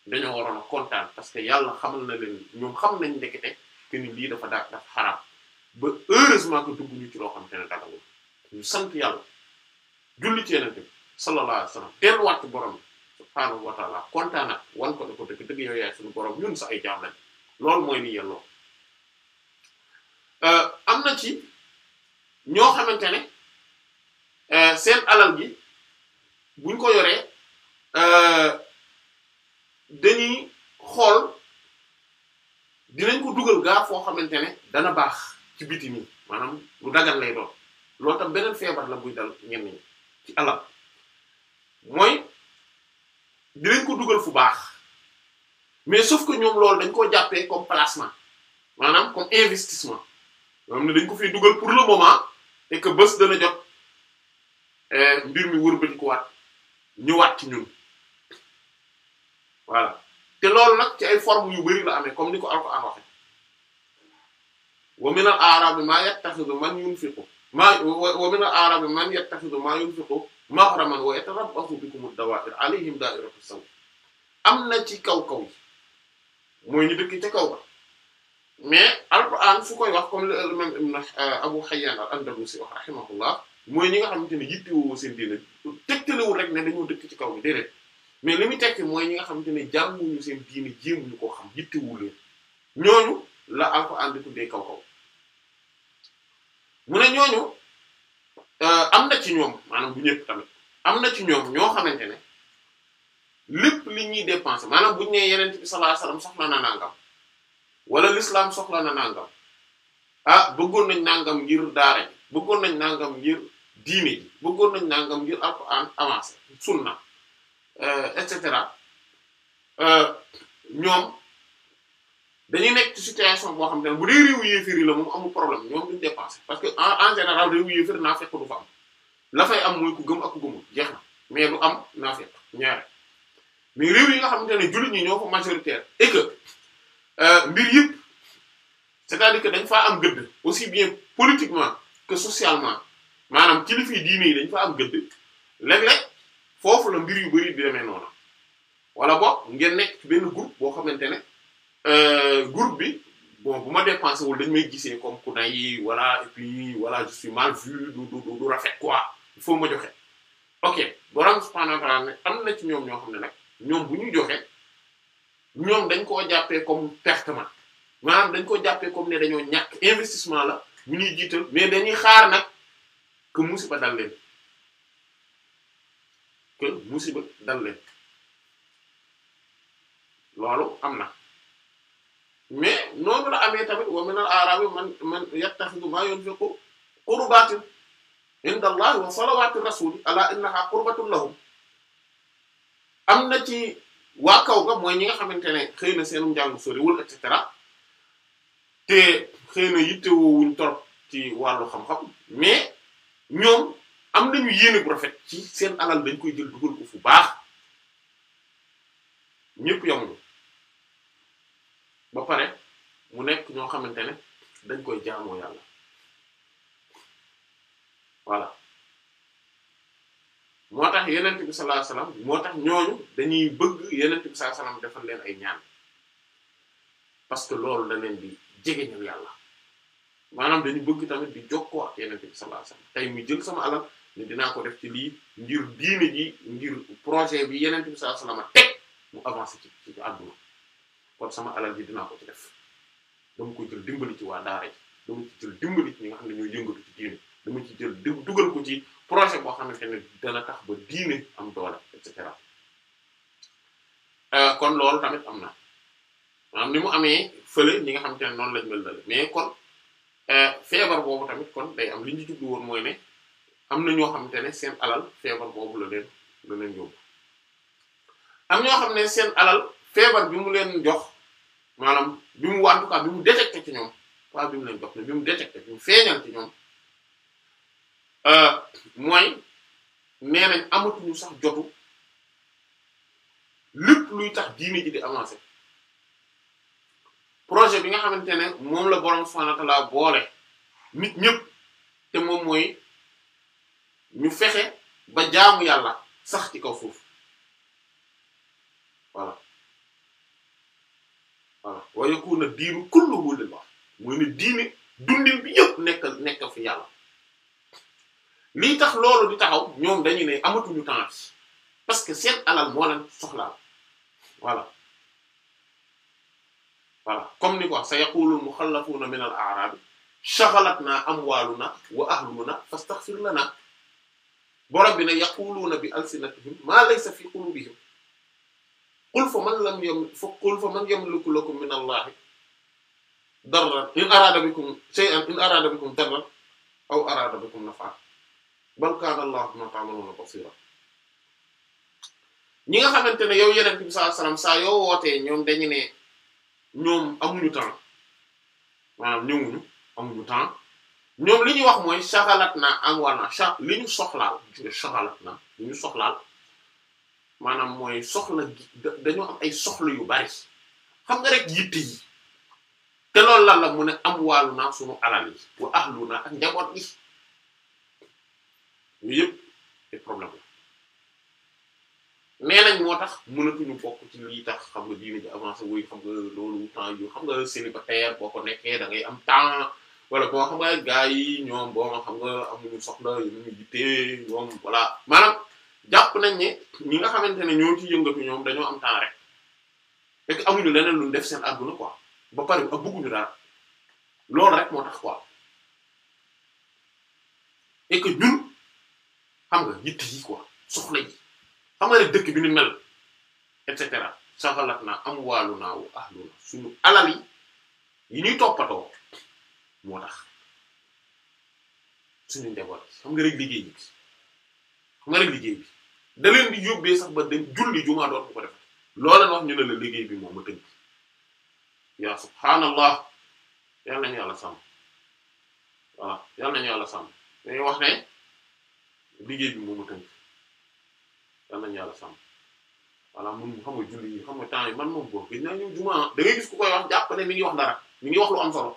dañoo waroon a kontaan parce que yàlla xamal na leen ñoom xam nañ ndekete que ni lii dafa daa dafa xaraam ba heureusement que dugg ñu ci loo xamante ne dagalul ñu sant yàlla julli ci yeneen bi sallallahu alayhi wa sallam delluwaat ci borom subhaanahu wa taala kontaanaat wan ko ne ko dëgg dëgg yaay suñu borom ñun sa ay jaam loolu mooy ni yelloo euh, am na ci ñoo xamante ne euh, seen alal gi buñ ko yoree euh, dañuy xool dinañ ko dugal gaa foo xamante ne dana baax ci biti nii maanaam lu dagal lay doon loolu tam beneen feebar la buy dal ñenn ñi ci alal mooy dinañ ko dugal fu baax mais sauf ko ñoom lool dañ ko jàppee comme placement maanaam comme investissement moom ne dañ ko fiy dugal pour le moment et que dana jot eh, mbir mi wër bañ ko waat ñëwaat ci ñun voilà te loolu nag ci ay formes yu bari la amee comme ni ko Alxuraan waxe wa min al arabi maa man yunfiqu maa wa maa yunfiqu mahraman wa yatarabbasu bikum ad-dawaa'ir alayhim daa'iratu as-saw am na ci kaw kaw mooy ñu dëkk ca kaw mais alquran fu koy wax comme le même ibn euh, Abu Hayyan al-Andalusi wax rahimahullah mooy ñi nga xamante ne yittewoo seen diine tegtalewul rek ne dañoo dëkk ci kaw bi déedéet mais li muy tekki mooy ñi nga xamante ne jànguñu seen diine jéemuñu koo xam yittewuleen ñooñu la alquran di tuddee kaw kaw mu ne ñooñu euh, am na ci ñoom maanaam bu ñëpp tamit am na ci ñoom ñoo xamante ne lépp li ñuy dépenser maanaam bu ñu nee yeneen bi sallallahu soxla na wala l'islam soxla na ah bëggoon nañ nangam ngir daara bëggoon nañ nangam ngir diine ji bëggoon nañ nangam ngir alquran avancé sunna euh, et cetera euh, ñoom. dañuy nekk ci situation boo xam ne bu dee réewu yéefir yi la moom amul problème ñoom duñ dépenser parce que en général réewu yéefir naa fekk du fa am la fay am mooy ku gëm ak ku gëmul jeex na mais du am naa fekk ñaare mais réew yi nga xamante ne jullit ñi ñoo fa majoritaire et que euh, mbir yëpp c'est-à-dire que dañ faa am gëdd aussi bien politiquement que socialement maanaam kilifa yi diine yi dañ faa am gëdd léeg-léeg foofu la mbir yu bari di demee noonu wala bo ngeen nekk ci benn groupe boo xamante ne. Euh, groupe bi bon bu ma dépensé wul dañ may gisee comme ku wala voilà et puis voilà du rafet quoi il faut ma joxe ok borom subhaanahu wa ta'aala am na ci ñoom ñoo xam ne nag ñoom bu ñu joxe ñoom dañ koo jàppee comme pertement maanaam dañ koo jàppee comme ne dañoo ñàkk investissement la bu ñuy jiital mais dañuy xaara nag que musiba dal leen que musiba dal leen loolu am na. mais noonu la amee tamit wa min al arabi man man yattaxidu ma yunfiqu qurbatin inda allahi wa salawati rasuli ala innaha qurbatun lahum am na ci waa kaw ga mooy ñi nga xamante ne xëy na seenum njàng soriwul et cetera te xëy na yittewoowuñ torop ci wàllu xam-xam mais ñoom am nañu yéene bu rafet ci seen alal dañ koy jël dugal ko baax dañ koy jaamoo yàlla voilà moo tax yenent bi sallallahu moo tax ñooñu dañuy bëgg yenent bi sallallahu alayhi wasallam leen ay ñaan parce que loolu da leen di jegeñal yàlla maanaam dañu bëgg tamit di jokkoo ak yenent bi sallallahu tey mu jël sama alal ne dinaa ko def ci lii ngir diine ji ngir projet bi yenent bi sallallahu alayhi wasallam mu avancé ci àdduna kon sama alal ji dinaa ko ci def dama ko dimbali ci waa daara ci jël dimbali ci ñi nga xam ne ñooy yëngatu ci diine dama ci jël dugal ko ci projet boo xamante ne dana tax ba diine am doole et cetera euh, kon loolu tamit am na maanaam ni mu amee fële ñi nga xamante ne noonu lañ mel dale mais kon euh, feebar boobu tamit kon day am li ñu jublu mooy ne am na ñoo xamante ne seen alal feebar boobu la leen la leen yóbbu am ñoo xam ne seen alal feebar bi mu leen jox maanaam bi mu en bi mu détecté ci ñoom pas bi mu leen jox ne bi mu détecté bi mu feeñal ci ñoom euh, mooy nee nañ amatuñu sax jotu lépp luy tax diine ji di avancer projet bi nga xamante ne moom la borom subhanahu wa boole nit ñëpp te moom mooy ñu fexe ba jaamu yàlla sax ci kaw foofu voilà wa yakuna diinu kulluhu lillah mooy ne diine dundin bi yëpp nekk nekk fi yàlla lii tax loolu di taxaw ñoom dañu ne amatuñu temps parce que seen alal moo leen soxlaal voilà voilà comme ni ko sa yaqulul muxallafuuna min al a'raabi shaghalatna amwaaluna wa ahluna fastaghfir lana borom bi ne yaquluuna bi alsinatihim maa laysa fi qulubihim man lam yom fa qul fa man yamliku lakum min allahi darran in arada bikum shay'an in arada bikum darran aw arada bikum naf'an bal kaana allahu ma ta'maluna basira ñi nga xamante ne yow yeneen bi sallallahu saa yoo wootee ñoom dañu ne ñoom amuñu temps maanaam ñëwuñu amuñu temps ñoom li ñuy wax mooy shaghalatna anwana li ñu soxlaal li ñu soxlaal maanaam mooy soxla dañoo am ay soxla yu bari xam nga rek yitte yi te loolu lan la mu ne am waalu naa sunu alal yi wa ahlu naa ak njaboot yi ñu yëpp te problème la nee moo tax mënatuñu bokk ci lii tax xam nga diine ji avancé wuy xam nga loolu boo ko nekkee da ngay am temps wala boo xam nga gars yi ñoom boo xam nga amuñu soxla yu ñu yitte jàpp nañ ne ñi nga xamante ne ñoo ci yëngatu ñoom dañoo am temps rek fekk amuñu leneen lu def seen àdduna ko ba pare ak bëgguñu dara loolu rek moo tax quoi et que ñun xam nga yitt yi quoi soxla yi dëkk bi ni mel et cetera saxalat naa am waalu naaw wu ahluna suñu alal yi ñuy toppatoo moo tax suñu njaboot xam nga rek liggéey yi. nga ne liggéey bi da leen di yóbbee sax ba dañ julli jumaa doon ko def loola na wax ñu ne la liggéey bi moom ma tënk yaa subhaanallah yal nañu yàlla sàmm waaw yal nañu yàlla sàmm dañuy wax bi moom ma tënk yal nañu yàlla sàmm voilà mun xam nga julli yi xam nga temps man moom boo gis naa jumaa da ngay ku koy wax jàpp ne ngi wax dara mi ngi wax lu am solo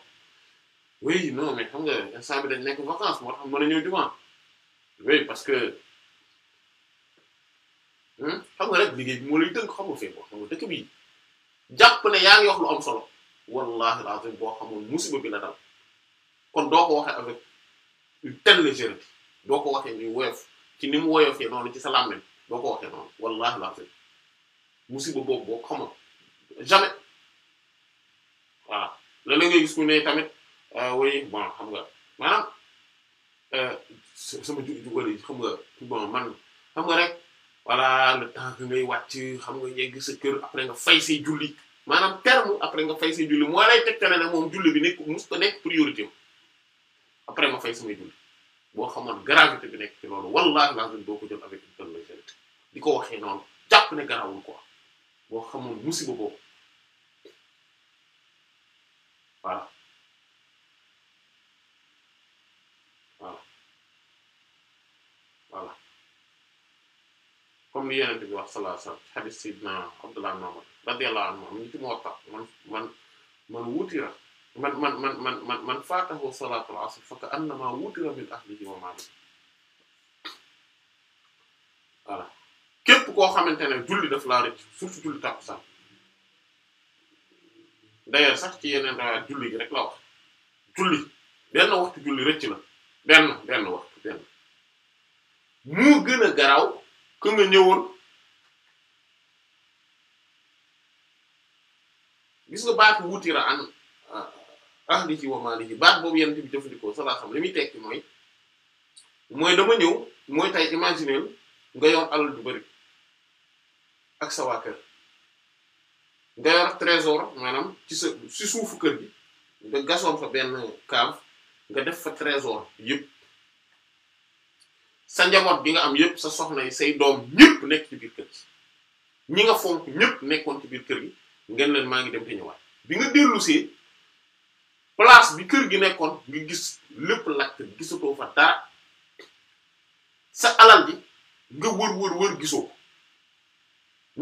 oui non xam nga instant bi dañ nekk vacance moo tax mën a ñëw jumaa oui parce que Hmm? xam nga rek liggéey moo lay dënk xam nga fee wax nga dëkk bi jàpp ne yaa ngi wax lu am solo wallahi alazim boo xamoon musiba bi la dal kon doo ko waxee avec une telle légèreté doo ko waxee ni woyof ci ni mu woyofee noonu ci sa làmmiñ doo ko waxee noonu wallahi alazim musiba boobu boo xamoon jamais voilà léeg-léeg nga gis ku ne tamit euh, oui bon xam nga maanaam euh, sama ju ju xam nga bon man xam nga rek. voilà le temps que ngay wàcc xam nga yegg sa kër après nga fay say julli maanaam terme après nga fay say julli moo lay tegtale ne moom julli bi nekk mus ko nekk priorité après ma fay samay julli boo xamoon gravité bi nekk ci loolu wallahi lazim boo ko jël avec une telle légèreté di ko waxee noonu jàpp ne garawul quoi boo xamoon musiba ko voilà comme li yenente bi wax sallallahu alayhi wa sallam sidna Abdullah ibn Umar radiyallahu anhu am ñu ci Muwatta man man wutira man man man man man man faatahu salatul asr fa ka annama wutira min ahlihi wa maalihi képp koo xamante ne julli daf laa rëcc surtout julli tàkkusaan d'ailleurs sax ci yeneen rawaat rek la wax julli benn waxtu julli rëcc la benn benn waxtu benn mu gën a garaaw que nga ñëwoon gis nga baatu wutira an ahli ah, ci wamaali ci baax boobu yent bi jëfandikoo salaa xam li muy tekki mooy mooy dama ñëw mooy tay imagineel nga yor alal du bari ak sa waa nga yor trésor maanaam ci sa ci suufu kër gi nga gasoon fa benn cave nga def fa trésor yëpp sa njaboot bi nga am yëpp sa soxna yi say doom ñëpp nekk ci biir kër gi ñi nga fonk ñëpp nekkoon ci biir kër gi ngeen leen maa ngi dem te ñëwaat bi nga dellu see place bi kër gi nekkoon nga gis lépp lakk gisatoo fa dara sa alal ji nga wër wër wër gisoo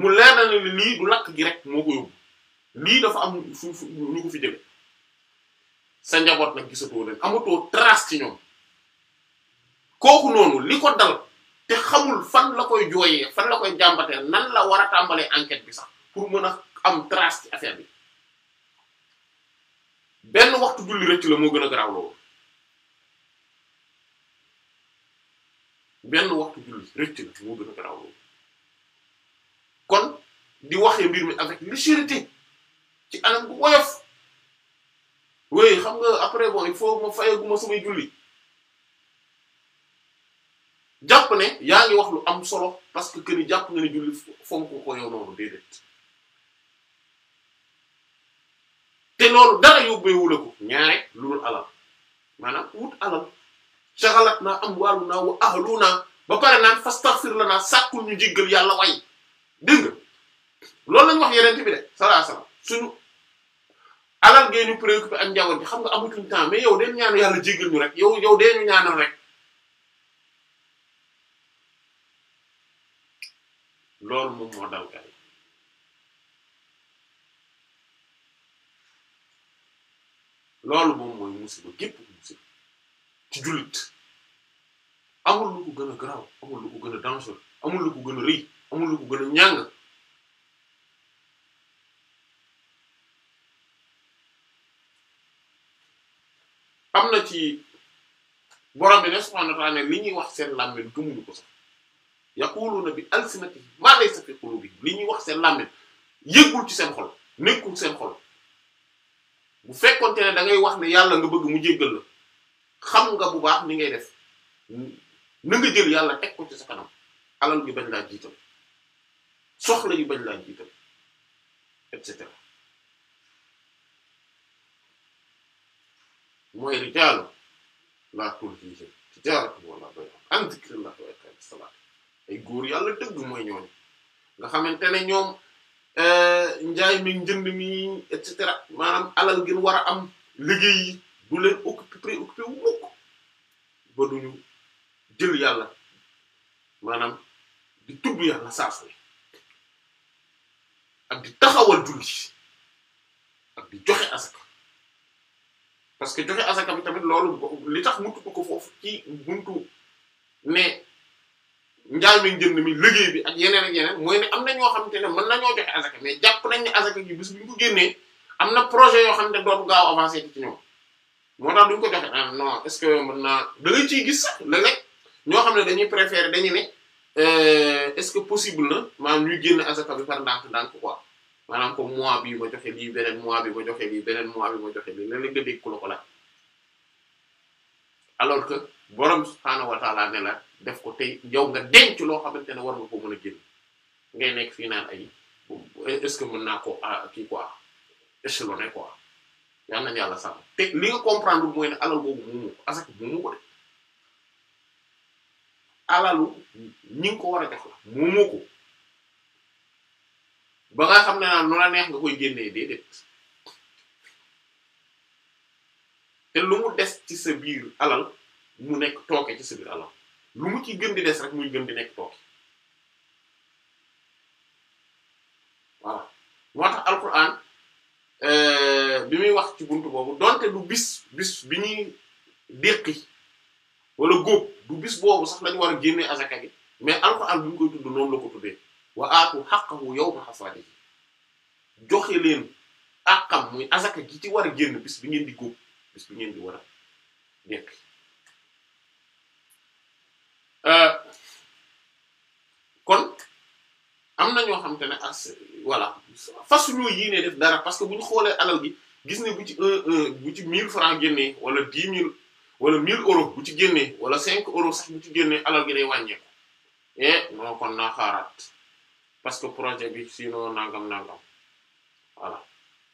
mu leer na lii du lakk gi rek moo ko lii dafa am fu ñu ko fi jële sa njaboot nag gisatoo leen amatoo trace ci ñoom kooku noonu li ko dal te xamul fan la koy jooyee fan la koy jàmbatee nan la war a tàmbalee enquête bi sax pour mën a am trace ci affaire bi benn waxtu julli rëcc la moo gën a garaaw loolu benn waxtu kon di waxee mbir mi avec légèreté ci anam bu woyof oui xam nga après bon foo faut ma fayaguma samay julli jàpp ne yaa ngi wax lu am solo parce que que ni jàpp nga ne julli fonk ko yow noonu déedéet te loolu dara yóbbeewu la ko ñaare loolu alal maanaam wut alal saxalat naa am wàllu naa wa ahlu naa ba pare naan fastaghfir la naa sàkkul ñu jéggal yàlla way dégg nga loolu wax yeneen bi de salaa salaam suñu alal gee ñu préoccupé ak njaboot bi xam nga amatuñ temps mais yow den ñaan yàlla jéggal ñu rek yow yow dee ñu rek. loolu moom moo dal gars yi loolu moom mooy musiba gépp ci jullit amul lu ko gën a garaaw amul lu ko gën a dangereux amul lu ko gën a rëy amul lu ko gën a ñàng am na ci borom bi ne subhanahu wa ta'ala li ñuy wax seen làmmiñ gëmuñu ko sax yaquluuna bi alsinatihim maa laysa fi qulubihim li ñuy wax seen làmmiñ yëggul ci seen xol nekkul seen xol bu fekkonte ne dangay wax ne yàlla nga bëgg mu jéggal la xam nga bu baax ni ngay def na nga jël yàlla teg ko ci sa kanam alal gi bañ laa jiital soxla yu bañ laa jiital et cetera mooy rijaalu laa tulhiihim tijaaratun wa laa bay'un an dhikrillahi wa iqaamis salaat ay góor yàlla dëgg mooy ñooñu nga xamante ne ñoom euh, njaay mi njënd mi et cetera maanaam alal ngir war a am liggéey yi du leen occupé préoccupé wu mukk ba duñu jël yàlla maanaam di tudd yàlla saasu ak di taxawal julli ak di joxe asaka parce que joxe asaka bi tamit loolu li tax mu tudd ko foofu ci buntu ne njaal mi jënd mi liggéey bi ak yeneen ak yeneen mooy am na ñoo xamante ne na nañoo joxe azaka mais jàpp nañ ne azaka ji bis bu ñu ko génnee am na projet yoo xam ne dootu gaaw avancé ci ñoom moo tax duñ ko joxe ah non est-ce que mën naa da ci gis sax ñoo xam ne dañuy préférer dañuy ne euh, est-ce que possible na maanaam ñuy génn azaka bi par ku ndànk quoi maanaam comme mois bi ma joxe lii beneen mois bi ma joxe lii beneen mois bi ma joxe lii léeg-léeg nga dégg ku la ko alors que borom subhaanahu wa la. def ko te yow nga denc loo xamante ne war nga ko mën a génn ngay nekk fii naan ay est-ce que mën naa ko ah, kii quoi échelonné quoi yal nañu yàlla sàmm te li nga comprendre mooy boobu mu mu ko asak mu mu ko war a jox ba nga xam ne naan nu la neex nga koy génnee déedéet te lu mu des ci sa biir alal mu nekk tooke ci sa biir alal lu mu ci gën di des rek muy gën di nekk tooke voilà moo tax euh, bi muy wax ci buntu boobu donte lu bis bis bi ñuy déqi walla góob du bis boobu sax lañu war a génnee azaka gi mais alquran bi ñu koy tudd noonu la ko tuddee wa aatu haqqahu yawma hasadihi joxe leen àqam muy azaka gi ci war a génn bis bi ngeen di góob bis bi ngeen di war a déqi Euh, kon am na ñoo xamante ne as voilà fasuñoo yéenee def dara parce que bu ñu xoolee alal gi gis ne bu ci bu ci 1000 francs génnee wala 10 000 wala mille euros bu ci génnee wala cinq euros sax ci génnee alal gi day wàññeeku eh non kon naa xaaraat parce que projet bi sinon nangam nangam voilà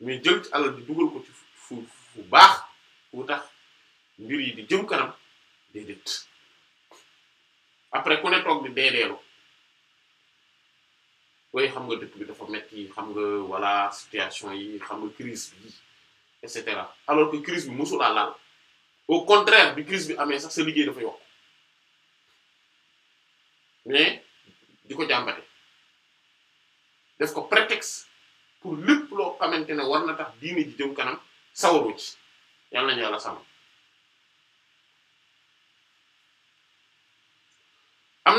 mais jël ci alal bi dugal ko ci fu fu baax fu tax mbir di jëm kanam déedéet. après ku ne toog di deedeelu way xam nga dëkk bi dafa metti xam nga voilà situation yi xam nga crise bi et cetera alors que crise bi musulaa laal au contraire bi crise bi amee sax sa liggéey dafa yokk mais di ko jàmbate def ko prétexte pour lépp loo xamante ne war na tax diine ji jëm kanam sawaru ci yàlla nañu yàlla sàmm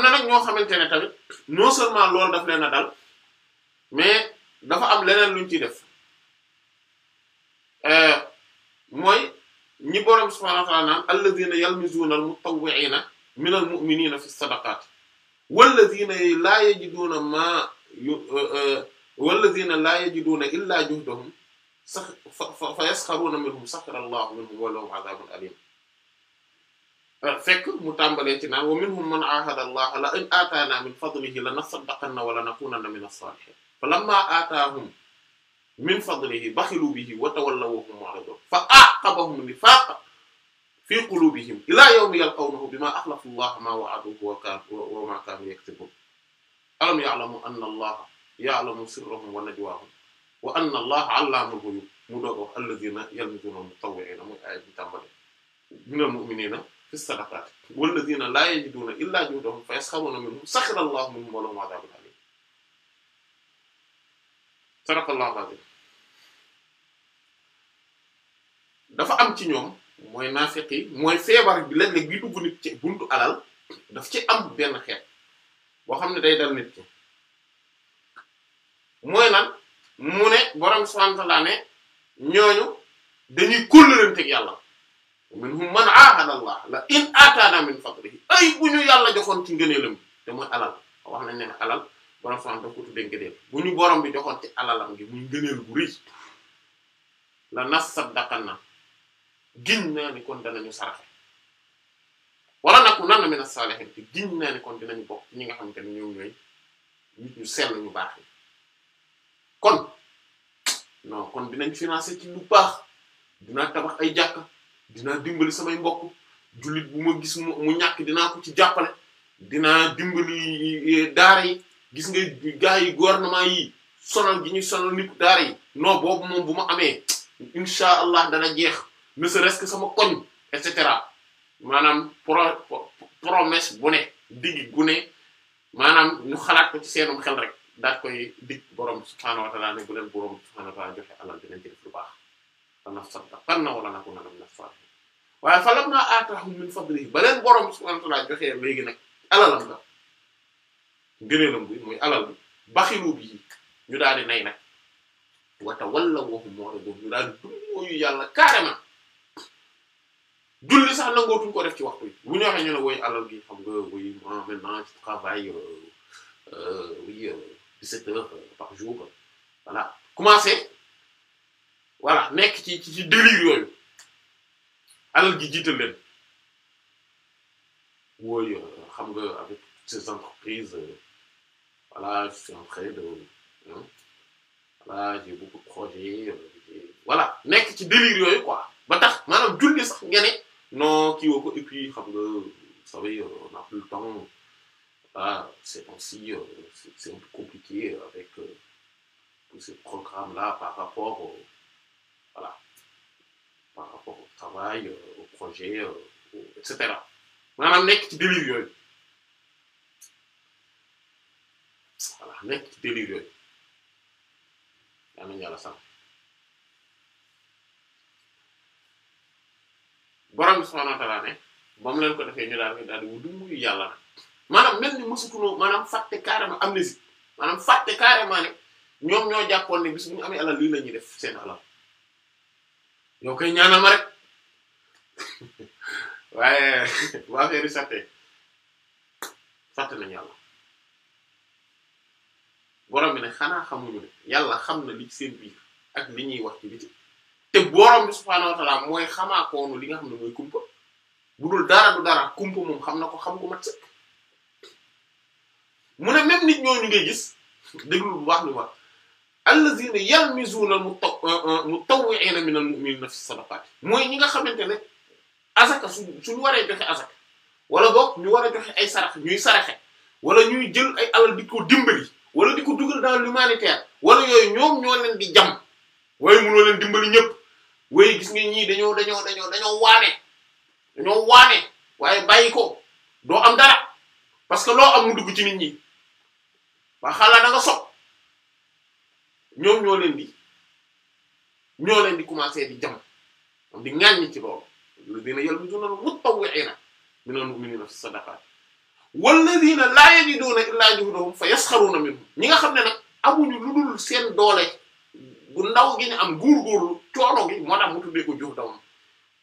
am na nag ñoo xamante ne tamit non seulement loolu daf leen a dal mais dafa am leneen luñ ci def euh, mooy ñi boroom subhaanahu wa ta'aala naan alladhiina yalmizuuna al-mutawwi'iina mina al-mu'miniina fi sadaqaati walladhiina laa yajiduuna maa euh, euh, walladhiina laa yajiduuna illaa juhdahum sax fa fa yasxaruuna minhum saxira Allahu minhum wa lahum 'adhaabun aliim Euh, fekk mu tàmbalee ci naan wa minhum man ahada allaha la in aataana min fadlihi la nasaddaqanna wala nakunanna min as-salihin fa lamma aataahum min fadlihi baxilu bihi wa tawallaw wa hum mu'ridun fa aqabahum nifaqa fi qulubihim ila yawmi yalqawnahu bima axlafu allaha ma wa'aduhu wa ma kanu yaktubun alam ya'lamu anna allaha ya'lamu sirrahum wa najwahum wa anna allaha 'allamul ghuyub mu doog wax alladhina yalmizuna al-mutawwi'ina muy aaya bi tàmbalee minal mu'minina fi sadaqaat walladina la yajiduna illa juhdahum fa na minhum saxira allahu minhum wa lahum adabun alim sadaqallahu alazim dafa am ci ñoom mooy naafiq mooy feebar bi léeg-léeg bi dugg nit ci buntu alal daf ci am benn xeet boo xam ne day dal nit ki mooy nag mu ne borom subhanahu ne ñooñu dañuy kóllëranteeg yàlla minhum man aahada Allah la in aataana min fadlihi ay bu ñu yàlla joxoon ci ngëneelam te mooy alal wax nañ ne ne alal borom soxna daf ko tuddee bu ñu borom bi joxoon ci alalam gi muy ngëneel bu rëy la nas saddaqanna giñ naa ni kon danañu saraxe wala nakunanna mina saalihiin te giñ naa ni kon dinañu bokk ñi nga xamante ne ñoom ñooy nit ñu sell ñu baax kon non kon dinañ financer ci lu baax dinaa tabax ay jàkka. dinaa dimbali samay mbokk jullit bu ma gis mu ñàkk dinaa ko ci jàppale dina dimbali e, daara yi gis nga gars yi gouvernement yi sonal gi ñuy sonal nit daara yi non boobu moom bu ma amee incha allah dana jeex ne serait-ce que sama koñ et cetera maanaam pro promesse bu ne digg gu maanaam ñu xalaat ko ci seenum xel rek daal koy dig borom subhaanahu wa ne bu leen borom subhaanahu wa ta'aala joxe alal dinañ ci lu baax. fanasaddaqanna wa lanakunanna mina as-saalihiin waaye fa lammaa aataahum min fadlihi ba leen borom subhaanahu wa ta'aala léegi nag alalam la ngëneelam bi muy alal bi baxilu bi ñu daal di nay nag wa tawallaw wa hum mu'riduun ñu daal di dummóoyu yàlla carrément julli sax nangootuñ ko def ci waxtu yi bu ñu waxee ñu ne woy alal gi xam nga woy maintenant je travaille euh, euh, oui 17 euh, nekk ci ci délire yooyu alal gi jiital leen wooy xam nga avec ces entreprises euh, voilà je suis en train de beaucoup de projets euh, nekk ci délire yooyu quoi ba tax maanaam julli sax nga non kii woo et puis xam nga vous euh, on n'a plus le temps ah ces c'est un peu compliqué avec tous ces programmes là par rapport au, voilà par rapport au travail euh, au projet euh, et cetera maanaam nekk ci délire yooyu voilà nekk ci délire yooyu yaa nañu yàlla sàmm borom bi subhaanahu wa ta'aala ne ba mu leen ko defee ñu daal di daal di wutu yàlla na maanaam mel ni mësutunoo maanaam fàtte carrément amnésie maanaam fàtte carrément ne ñoom ñoo jàppoon ne bis amee alal lii la ñuy def seen alal. yow koy ñaanal ma rek waaye bu affaire yi sàttee sàtt yàlla borom bi ne xanaa xamuñu ne yàlla xam na li ci seen biir ak li ñuy wax ci biti te borom bi subhaanahu wa ta'aala mooy xamaa koonu li nga xam ne mooy kumpa bu dul dara du dara kumpa moom xam na ko xam ko mat sëkk mu ne même nit ñooñu ngay gis déglu bu baax lu wax mis allazina yalmizuuna euh, euh, mutawwi'ina minal mu'minina fi sadaqaat mooy ñi nga xamante ne asaka su suñu waree joxe asaka wala boog ñu war a joxe ay sarax ñuy saraxe wala ñuy jël ay alal di dimbali wala di ko dugal dans l'humanitaire wala yooyu ñoom ñoo leen di jam waaye mu leen dimbali ñëpp waaye gis nga ñii dañoo dañoo dañoo dañoo waane dañoo waane waaye bàyyi ko doo am dara parce que loo am mu dugg ci nit ñi ba xalaat da nga sob ñoom ñoo leen di ñoo leen di commencer di jam di ŋàññi ci loolu alladhina yalmizuna al-mutawwi'ina minal mu'minina fi a walladhina la yajiduna illa juhdahum fa yaskharuna minhum ñi nga xam ne nag amuñu lu dul seen doole bu ndaw gi ñu am góorgóorlu coono gi moo tax mu tuddee ko juhdahum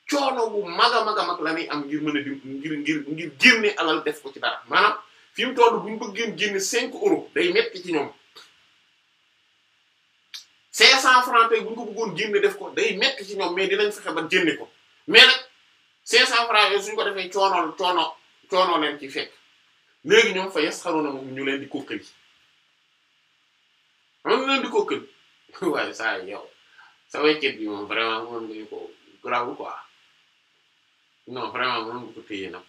coono bu mag a mag a mag la ñuy am ngir mën a di ngir ngir ngir génne alal def ko ci dara maanaam fi mu toll bu ñu bëggee génne 5 euros day metti ci ñoom. cinq cent francs tey bu ñu ko bëggoon génne def ko day metti ci ñoom mais dinañ fexe ba génne ko mais nag cinq cent francs yooyu suñ ko defee coonool coono ci fekk léegi ñoom fa yes xaroona ñu leen di kókkali xam ñu leen di ko graw quoi non vraiment mënoon nga ko téye nag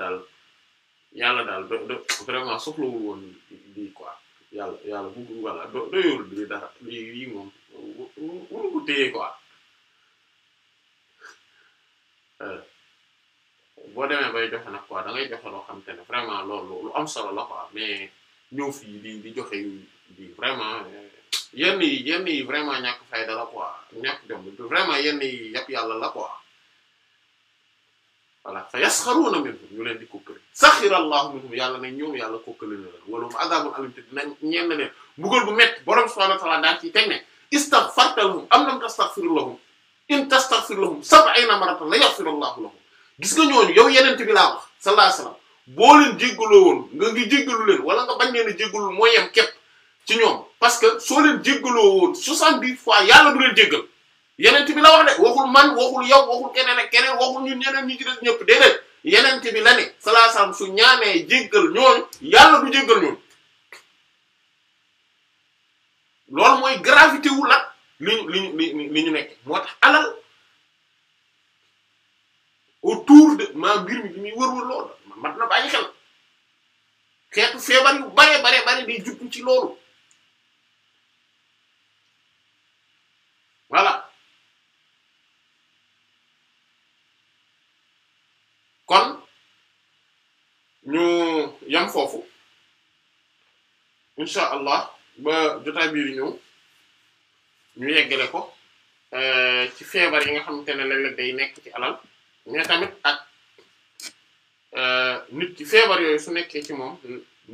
daal yàlla daal do do vraiment woon di quoi yàlla yàlla bu voilà doyul bi dara lii moom wunu ko téye quoi euh, boo demee bay joxe ko quoi da ngay joxe loo xam te ne vraiment loolu lu am solo la quoi mais ñëw fii di di joxe di vraiment yenn yi yenn yi vraiment ñàkk fayda la quoi ñàkk jom vraiment yenn yi yàpp yàlla la quoi voilà fa yasxaruuna minhum ñu leen di kokkale saxira allahu minhum yàlla ne ñoom yàlla kokkale na leen wala mu azabun alim te dinañ ñeen ne mbugal bu métti borom subhanahu wa ta'ala daal ci teg ne istaghfarta lahum am lam tastaghfir lahum in tastaghfir lahum sab'ina maratan la yaghfir allahu lahum gis nga ñooñu yow yenente bi laa wax sallallahu alayhi wasallam boo leen jéggaloo woon nga ngi jéggalu leen wala nga bañ leen a jéggalul moo yem képp ci ñoom parce que soo leen jéggaloo woon soixante fois yàlla du leen jéggal yenent bi la wax de waxul man waxul yow waxul keneen ak keneen waxul ñun ñeneen ñi ci des ñëpp déedéet yenent bi la ne salaasam su ñaamee jéggal ñooñu yàlla du jéggal ñooñu loolu mooy gravité wu nag li ñu li ñu li ñu nekk moo tax alal autour de maa mbir mi bi muy wër-wër loolu mat na bàyyi xel xeetu feebar yu bare bare bare jukku ci loolu kon ñu yam foofu incha allah ba jotaay bii di ñëw ñu yeggale ko eh, ci feebar yi nga xamante ne léeg leen day nekk ci alal mais tamit ak eh, nit ci feebar yooyu su nekkee ci moom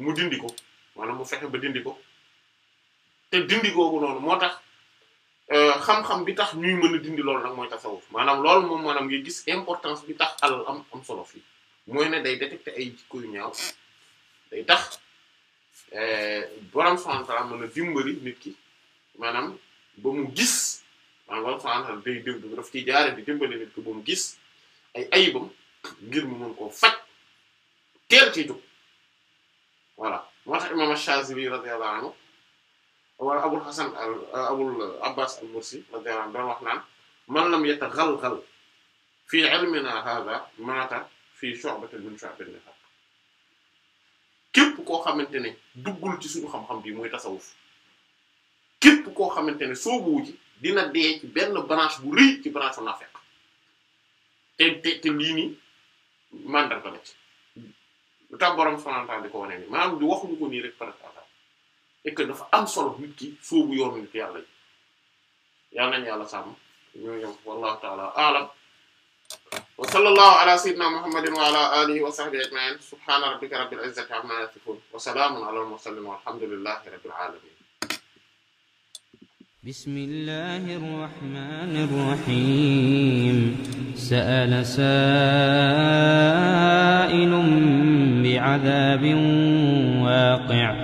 mu dindi ko maanaam mu fexe ba dindi ko te dindi googu noonu moo tax Euh, xam-xam bi tax ñuy mën a dindi loolu nag mooy tasawuf maanaam lool moom maanaam ngay gis importance bi tax alal am am solo fii mooy ne day détecter ay jikko yu ñaaw day tax euh, borom subhanahu wa dimbali nit ki maanaam ba mu gis maanaam borom subhanahu wa ta'ala day gis ay ayibam ngir mu mën koo faj teel ci jóg voilà moo tax imam Shazili radiyallahu anhu wala abul hasan al euh, abul abbas al mursi radiyallahu anhu doon wax naan man lam yataghalghal fi ilmina hadha maata fi shu'batin min shu'abil nifaq képp koo xamante ne duggul ci suñu xam-xam bi mooy tasawuf képp koo xamante ne soobu ji dina dee ci benn branche bu rëy ci branche u nafeq te te te lii nii mandarga ci lu borom sonal di ko wane nii maanaam di waxuñu ko nii rek par rapport et que dafa am solo nit ki sóobu yoonu nit yàlla yi yal nañu yàlla sàmm ñoo yem wallahu taala alam wa sallallahu ala sayyidina muhammadin wa ala alihi wa sahbihi ajma'in subhana rabbika rabbil izzati amma yasifun wa salamun ala al mursalin walhamdulillahi rabbil alamin بسم الله الرحمن الرحيم سأل سائل بعذاب واقع